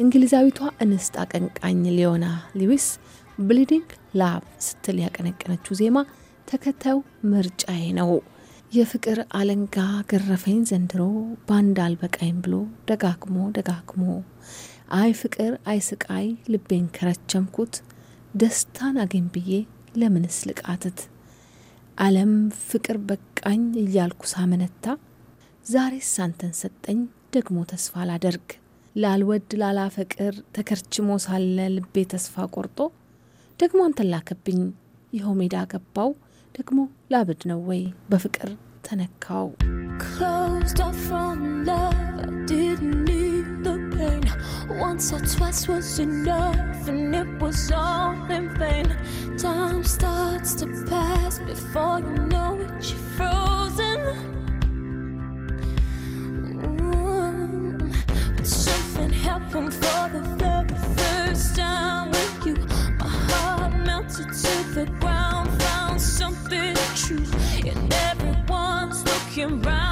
እንግሊዛዊቷ እንስት አቀንቃኝ ሊዮና ሊዊስ ብሊዲንግ ላቭ ስትል ያቀነቀነችው ዜማ ተከታዩ ምርጫዬ ነው። የፍቅር አለንጋ ገረፈኝ ዘንድሮ ባንድ አልበቃኝ ብሎ ደጋግሞ ደጋግሞ አይ ፍቅር አይ ስቃይ ልቤን ከረቸምኩት ደስታን አገኝ ብዬ ለምንስ ልቃትት ዓለም ፍቅር በቃኝ እያልኩ ሳመነታ ዛሬ ሳንተን ሰጠኝ ደግሞ ተስፋ ላደርግ ላልወድ ላላፈቅር ተከርችሞ ሳለ ልቤ ተስፋ ቆርጦ ደግሞ አንተን ላከብኝ ይኸው ሜዳ ገባው ደግሞ ላብድ ነው ወይ በፍቅር ተነካው Once or twice was enough, and it was all in vain. Time starts to pass before you know it, you're through. album for the very first time with you. My heart melted to the ground, found something true, and everyone's looking round.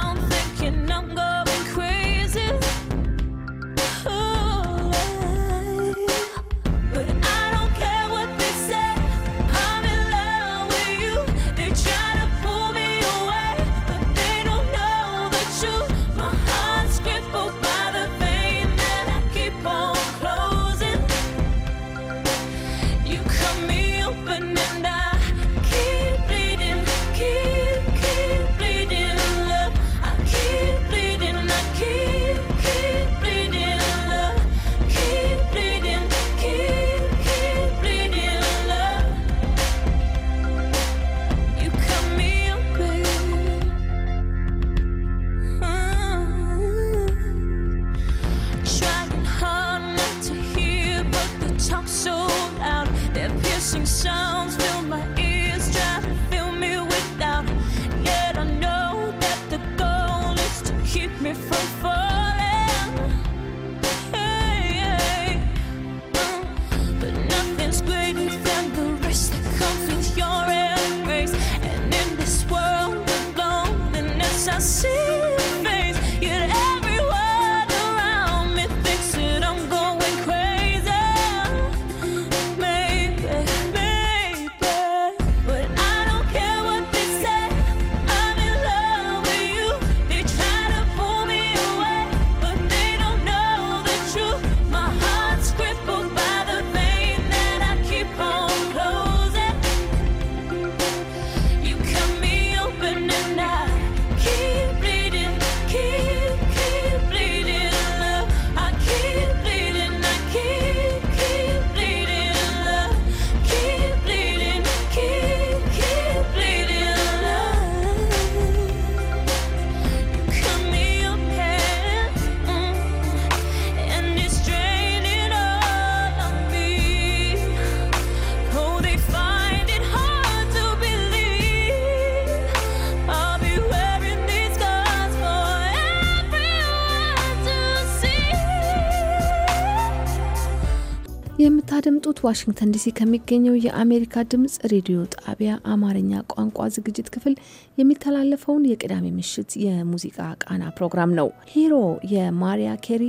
የምታደምጡት ዋሽንግተን ዲሲ ከሚገኘው የአሜሪካ ድምፅ ሬዲዮ ጣቢያ አማርኛ ቋንቋ ዝግጅት ክፍል የሚተላለፈውን የቅዳሜ ምሽት የሙዚቃ ቃና ፕሮግራም ነው። ሂሮ የማሪያ ኬሪ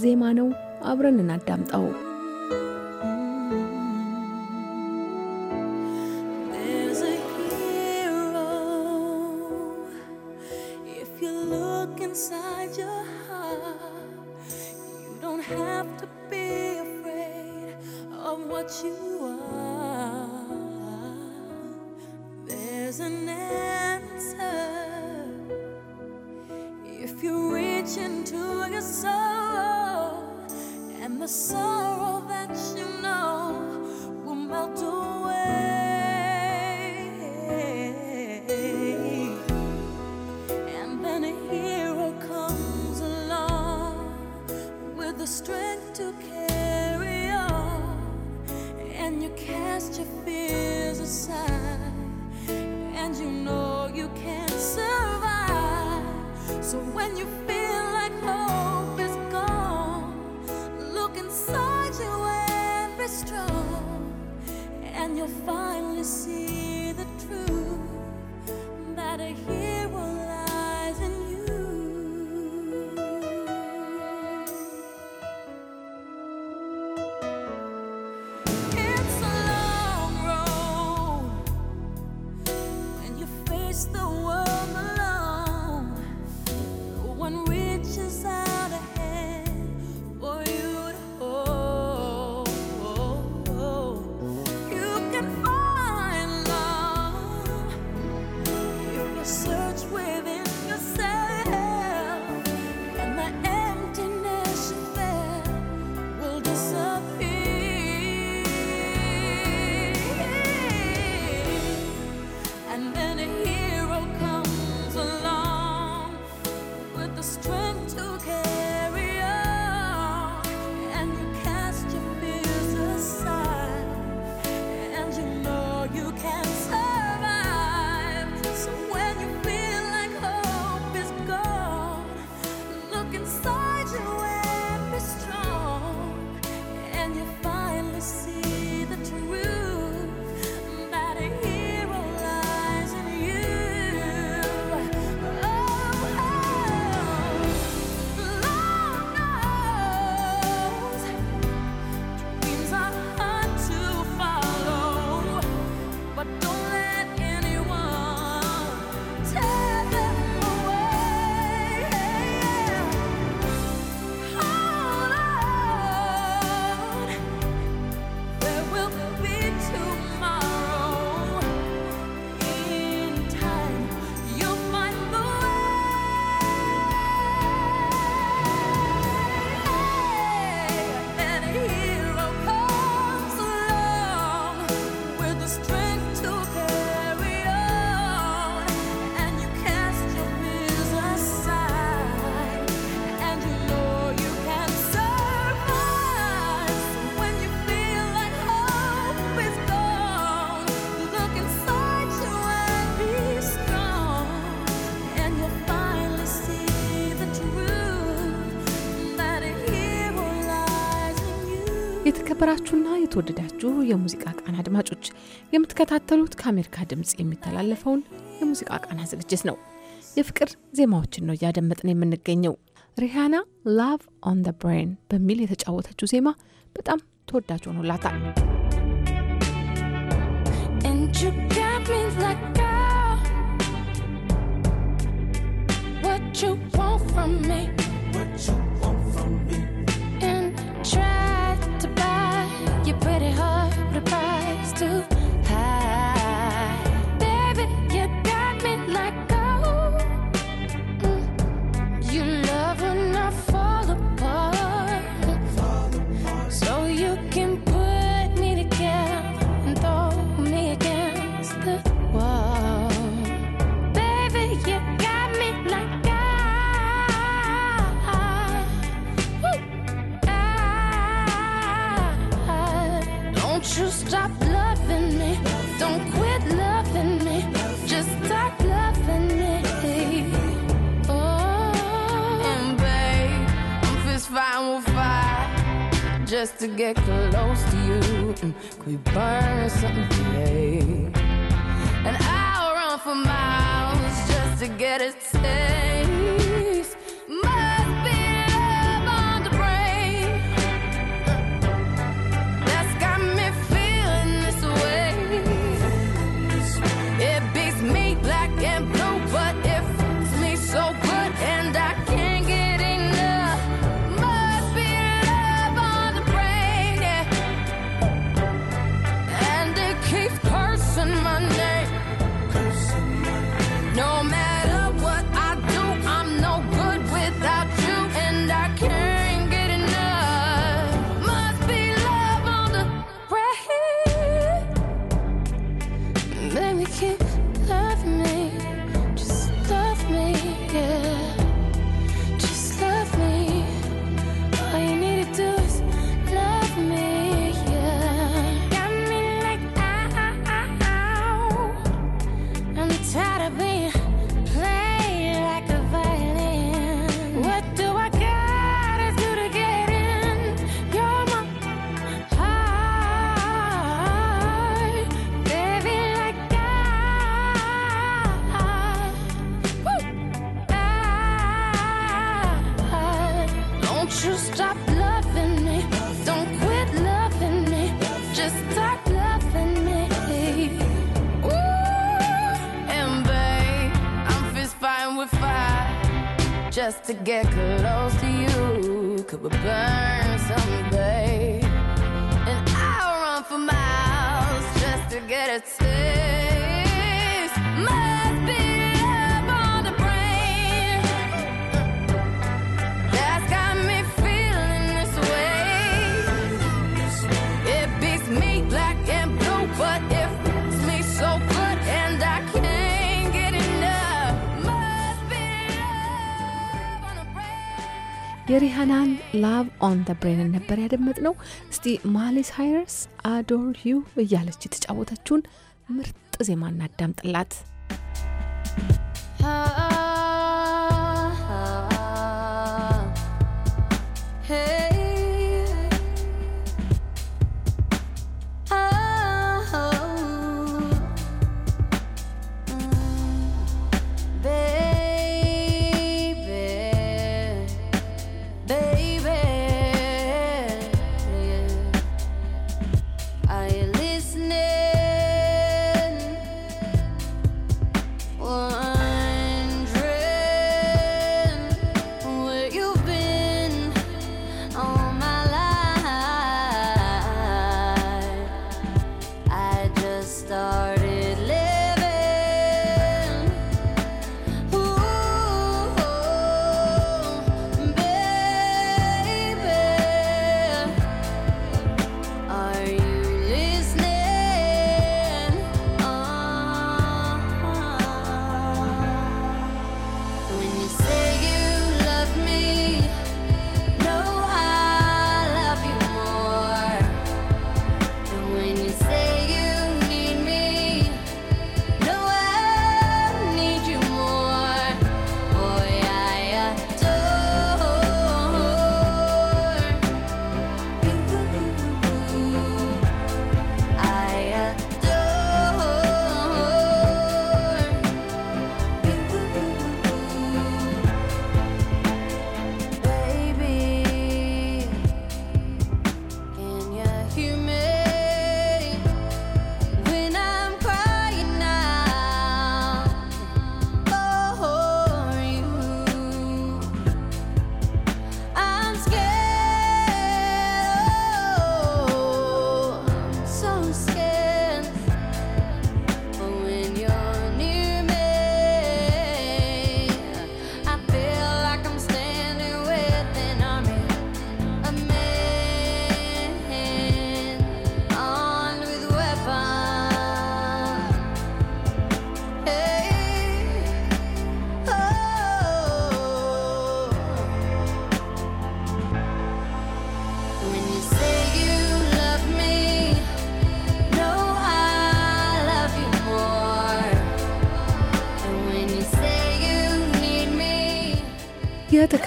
ዜማ ነው። አብረን እናዳምጠው። what you are, there's an answer. If you reach into your soul, and the sorrow that you know will melt away, and then a hero comes along with the strength to. Carry when you cast your fears aside and you know you can't survive. So when you feel like hope is gone, look inside you and be strong, and you'll finally see the truth that a hero. የተከበራችሁና የተወደዳችሁ የሙዚቃ ቃና አድማጮች የምትከታተሉት ከአሜሪካ ድምፅ የሚተላለፈውን የሙዚቃ ቃና ዝግጅት ነው። የፍቅር ዜማዎችን ነው እያደመጥን የምንገኘው። ሪሃና ላቭ ኦን ደ ብሬን በሚል የተጫወተችው ዜማ በጣም ተወዳጅ ሆኖላታል። What you want from me? What you want from me? just to get close to you. Mm, could we burn something today? And I'll run for miles just to get a taste. ኦን ደ ብሬንን ነበር ያደመጥ ነው። እስቲ ማሊስ ሃይርስ አዶር ዩ እያለች የተጫወተችውን ምርጥ ዜማ እናዳምጥላት።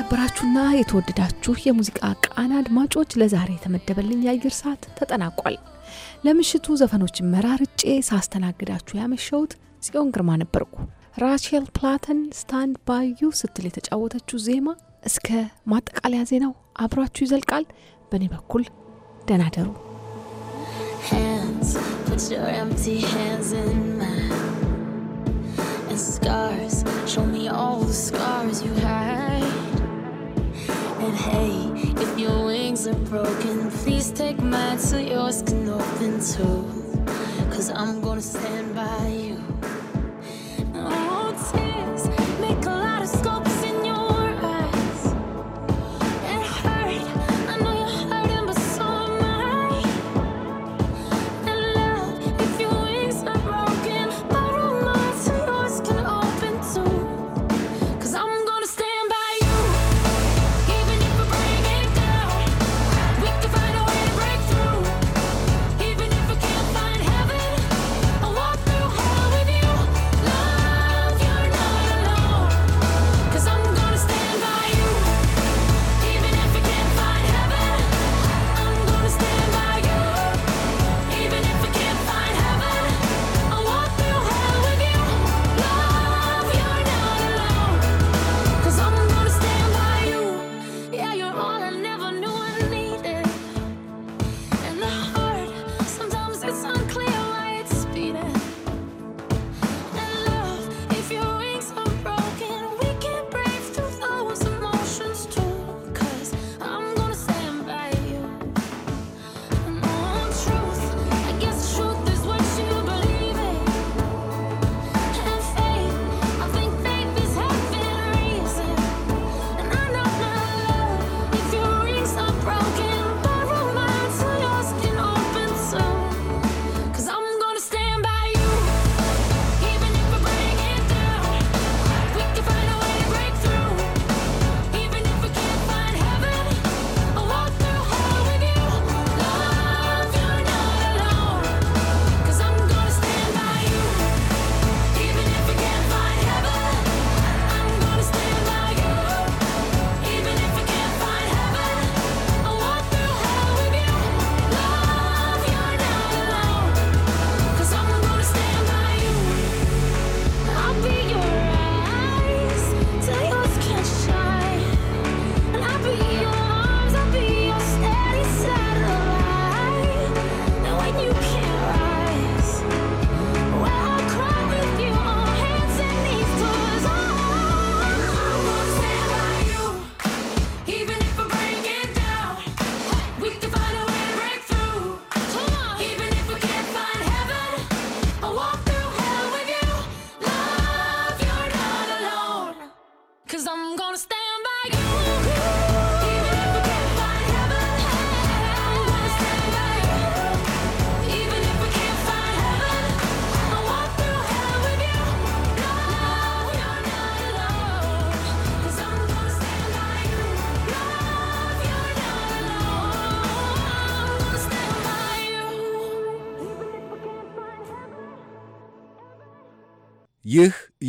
የተከበራችሁና የተወደዳችሁ የሙዚቃ ቃና አድማጮች ለዛሬ የተመደበልኝ የአየር ሰዓት ተጠናቋል። ለምሽቱ ዘፈኖችን መራርጬ ሳስተናግዳችሁ ያመሸሁት ጽዮን ግርማ ነበርኩ። ራቸል ፕላተን ስታንድ ባዩ ስትል የተጫወተችው ዜማ እስከ ማጠቃለያ ዜናው አብሯችሁ ይዘልቃል። በእኔ በኩል ደናደሩ scars. Show me all the scars you hide. And hey, if your wings are broken, please take mine so yours can open too. Cause I'm gonna stand by you. I won't take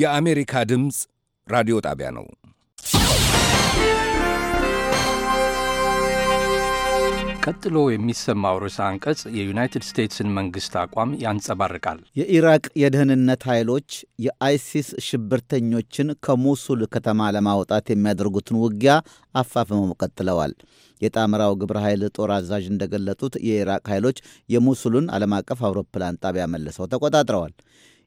የአሜሪካ ድምፅ ራዲዮ ጣቢያ ነው። ቀጥሎ የሚሰማው ርዕሰ አንቀጽ የዩናይትድ ስቴትስን መንግሥት አቋም ያንጸባርቃል። የኢራቅ የደህንነት ኃይሎች የአይሲስ ሽብርተኞችን ከሞሱል ከተማ ለማውጣት የሚያደርጉትን ውጊያ አፋፍመው ቀጥለዋል። የጣምራው ግብረ ኃይል ጦር አዛዥ እንደገለጡት የኢራቅ ኃይሎች የሞሱሉን ዓለም አቀፍ አውሮፕላን ጣቢያ መልሰው ተቆጣጥረዋል።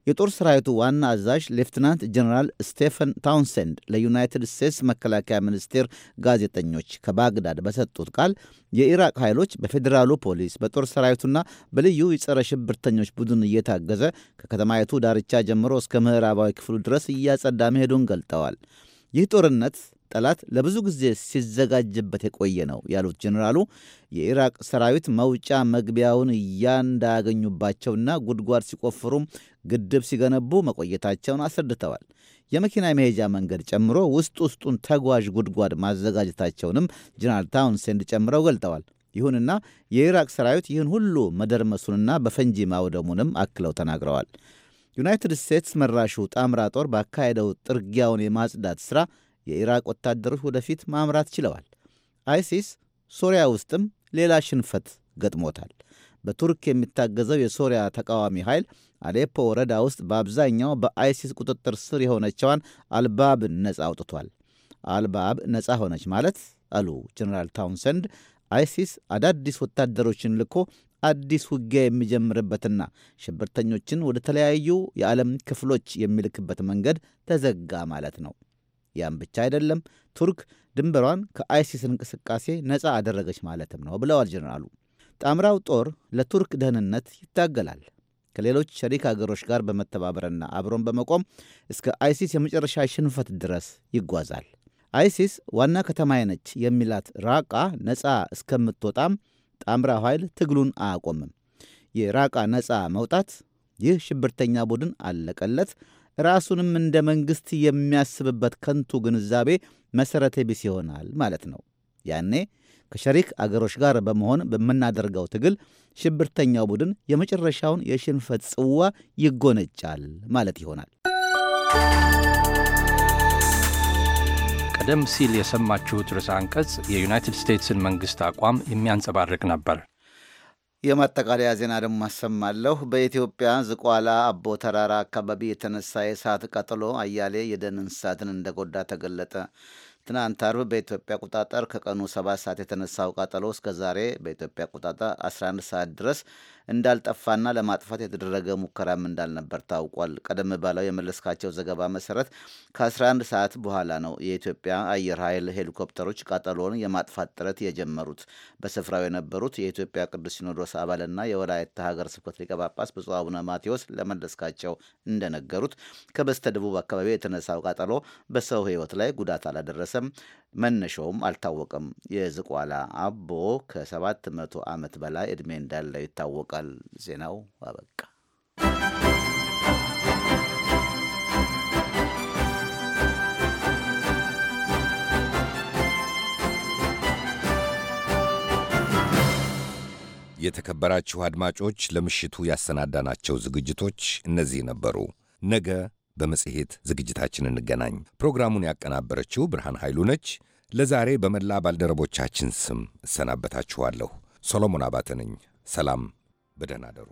የጦር ሰራዊቱ ዋና አዛዥ ሌፍትናንት ጀነራል ስቴፈን ታውንሰንድ ለዩናይትድ ስቴትስ መከላከያ ሚኒስቴር ጋዜጠኞች ከባግዳድ በሰጡት ቃል የኢራቅ ኃይሎች በፌዴራሉ ፖሊስ በጦር ሰራዊቱና በልዩ የጸረ ሽብርተኞች ቡድን እየታገዘ ከከተማይቱ ዳርቻ ጀምሮ እስከ ምዕራባዊ ክፍሉ ድረስ እያጸዳ መሄዱን ገልጠዋል። ይህ ጦርነት ጠላት ለብዙ ጊዜ ሲዘጋጅበት የቆየ ነው ያሉት ጀኔራሉ የኢራቅ ሰራዊት መውጫ መግቢያውን እያ እንዳያገኙባቸውና ጉድጓድ ሲቆፍሩም ግድብ ሲገነቡ መቆየታቸውን አስረድተዋል። የመኪና መሄጃ መንገድ ጨምሮ ውስጥ ውስጡን ተጓዥ ጉድጓድ ማዘጋጀታቸውንም ጀነራል ታውንሴንድ ጨምረው ገልጠዋል። ይሁንና የኢራቅ ሰራዊት ይህን ሁሉ መደርመሱንና በፈንጂ ማውደሙንም አክለው ተናግረዋል። ዩናይትድ ስቴትስ መራሹ ጣምራ ጦር ባካሄደው ጥርጊያውን የማጽዳት ሥራ የኢራቅ ወታደሮች ወደፊት ማምራት ችለዋል። አይሲስ ሶሪያ ውስጥም ሌላ ሽንፈት ገጥሞታል። በቱርክ የሚታገዘው የሶሪያ ተቃዋሚ ኃይል አሌፖ ወረዳ ውስጥ በአብዛኛው በአይሲስ ቁጥጥር ስር የሆነችዋን አልባብን ነጻ አውጥቷል። አልባብ ነጻ ሆነች ማለት አሉ ጀኔራል ታውንሰንድ፣ አይሲስ አዳዲስ ወታደሮችን ልኮ አዲስ ውጊያ የሚጀምርበትና ሽብርተኞችን ወደ ተለያዩ የዓለም ክፍሎች የሚልክበት መንገድ ተዘጋ ማለት ነው። ያም ብቻ አይደለም፣ ቱርክ ድንበሯን ከአይሲስ እንቅስቃሴ ነጻ አደረገች ማለትም ነው ብለዋል ጀኔራሉ። ጣምራው ጦር ለቱርክ ደህንነት ይታገላል። ከሌሎች ሸሪክ አገሮች ጋር በመተባበርና አብሮን በመቆም እስከ አይሲስ የመጨረሻ ሽንፈት ድረስ ይጓዛል። አይሲስ ዋና ከተማ የነች የሚላት ራቃ ነፃ እስከምትወጣም ጣምራ ኃይል ትግሉን አያቆምም። የራቃ ነፃ መውጣት ይህ ሽብርተኛ ቡድን አለቀለት፣ ራሱንም እንደ መንግሥት የሚያስብበት ከንቱ ግንዛቤ መሠረተ ቢስ ይሆናል ማለት ነው። ያኔ ከሸሪክ አገሮች ጋር በመሆን በምናደርገው ትግል ሽብርተኛው ቡድን የመጨረሻውን የሽንፈት ጽዋ ይጎነጫል ማለት ይሆናል። ቀደም ሲል የሰማችሁት ርዕሰ አንቀጽ የዩናይትድ ስቴትስን መንግሥት አቋም የሚያንጸባርቅ ነበር። የማጠቃለያ ዜና ደግሞ አሰማለሁ። በኢትዮጵያ ዝቋላ አቦ ተራራ አካባቢ የተነሳ የእሳት ቀጥሎ አያሌ የደን እንስሳትን እንደጎዳ ተገለጠ። ትናንት አርብ በኢትዮጵያ አቆጣጠር ከቀኑ 7 ሰዓት የተነሳው ቃጠሎ እስከ ዛሬ በኢትዮጵያ አቆጣጠር 11 ሰዓት ድረስ እንዳልጠፋና ለማጥፋት የተደረገ ሙከራም እንዳልነበር ታውቋል። ቀደም ባለው የመለስካቸው ዘገባ መሰረት ከ11 ሰዓት በኋላ ነው የኢትዮጵያ አየር ኃይል ሄሊኮፕተሮች ቃጠሎውን የማጥፋት ጥረት የጀመሩት። በስፍራው የነበሩት የኢትዮጵያ ቅዱስ ሲኖዶስ አባልና የወላይታ ሀገር ስብከት ሊቀ ጳጳስ ብፁዕ አቡነ ማቴዎስ ለመለስካቸው እንደነገሩት ከበስተ ደቡብ አካባቢ የተነሳው ቃጠሎ በሰው ሕይወት ላይ ጉዳት አላደረሰም። መነሻውም አልታወቀም። የዝቋላ አቦ ከ700 ዓመት በላይ ዕድሜ እንዳለው ይታወቃል። ይታወቃል። ዜናው አበቃ። የተከበራችሁ አድማጮች ለምሽቱ ያሰናዳናቸው ዝግጅቶች እነዚህ ነበሩ። ነገ በመጽሔት ዝግጅታችን እንገናኝ። ፕሮግራሙን ያቀናበረችው ብርሃን ኃይሉ ነች። ለዛሬ በመላ ባልደረቦቻችን ስም እሰናበታችኋለሁ። ሶሎሞን አባተ ነኝ። ሰላም በደህና አደሩ።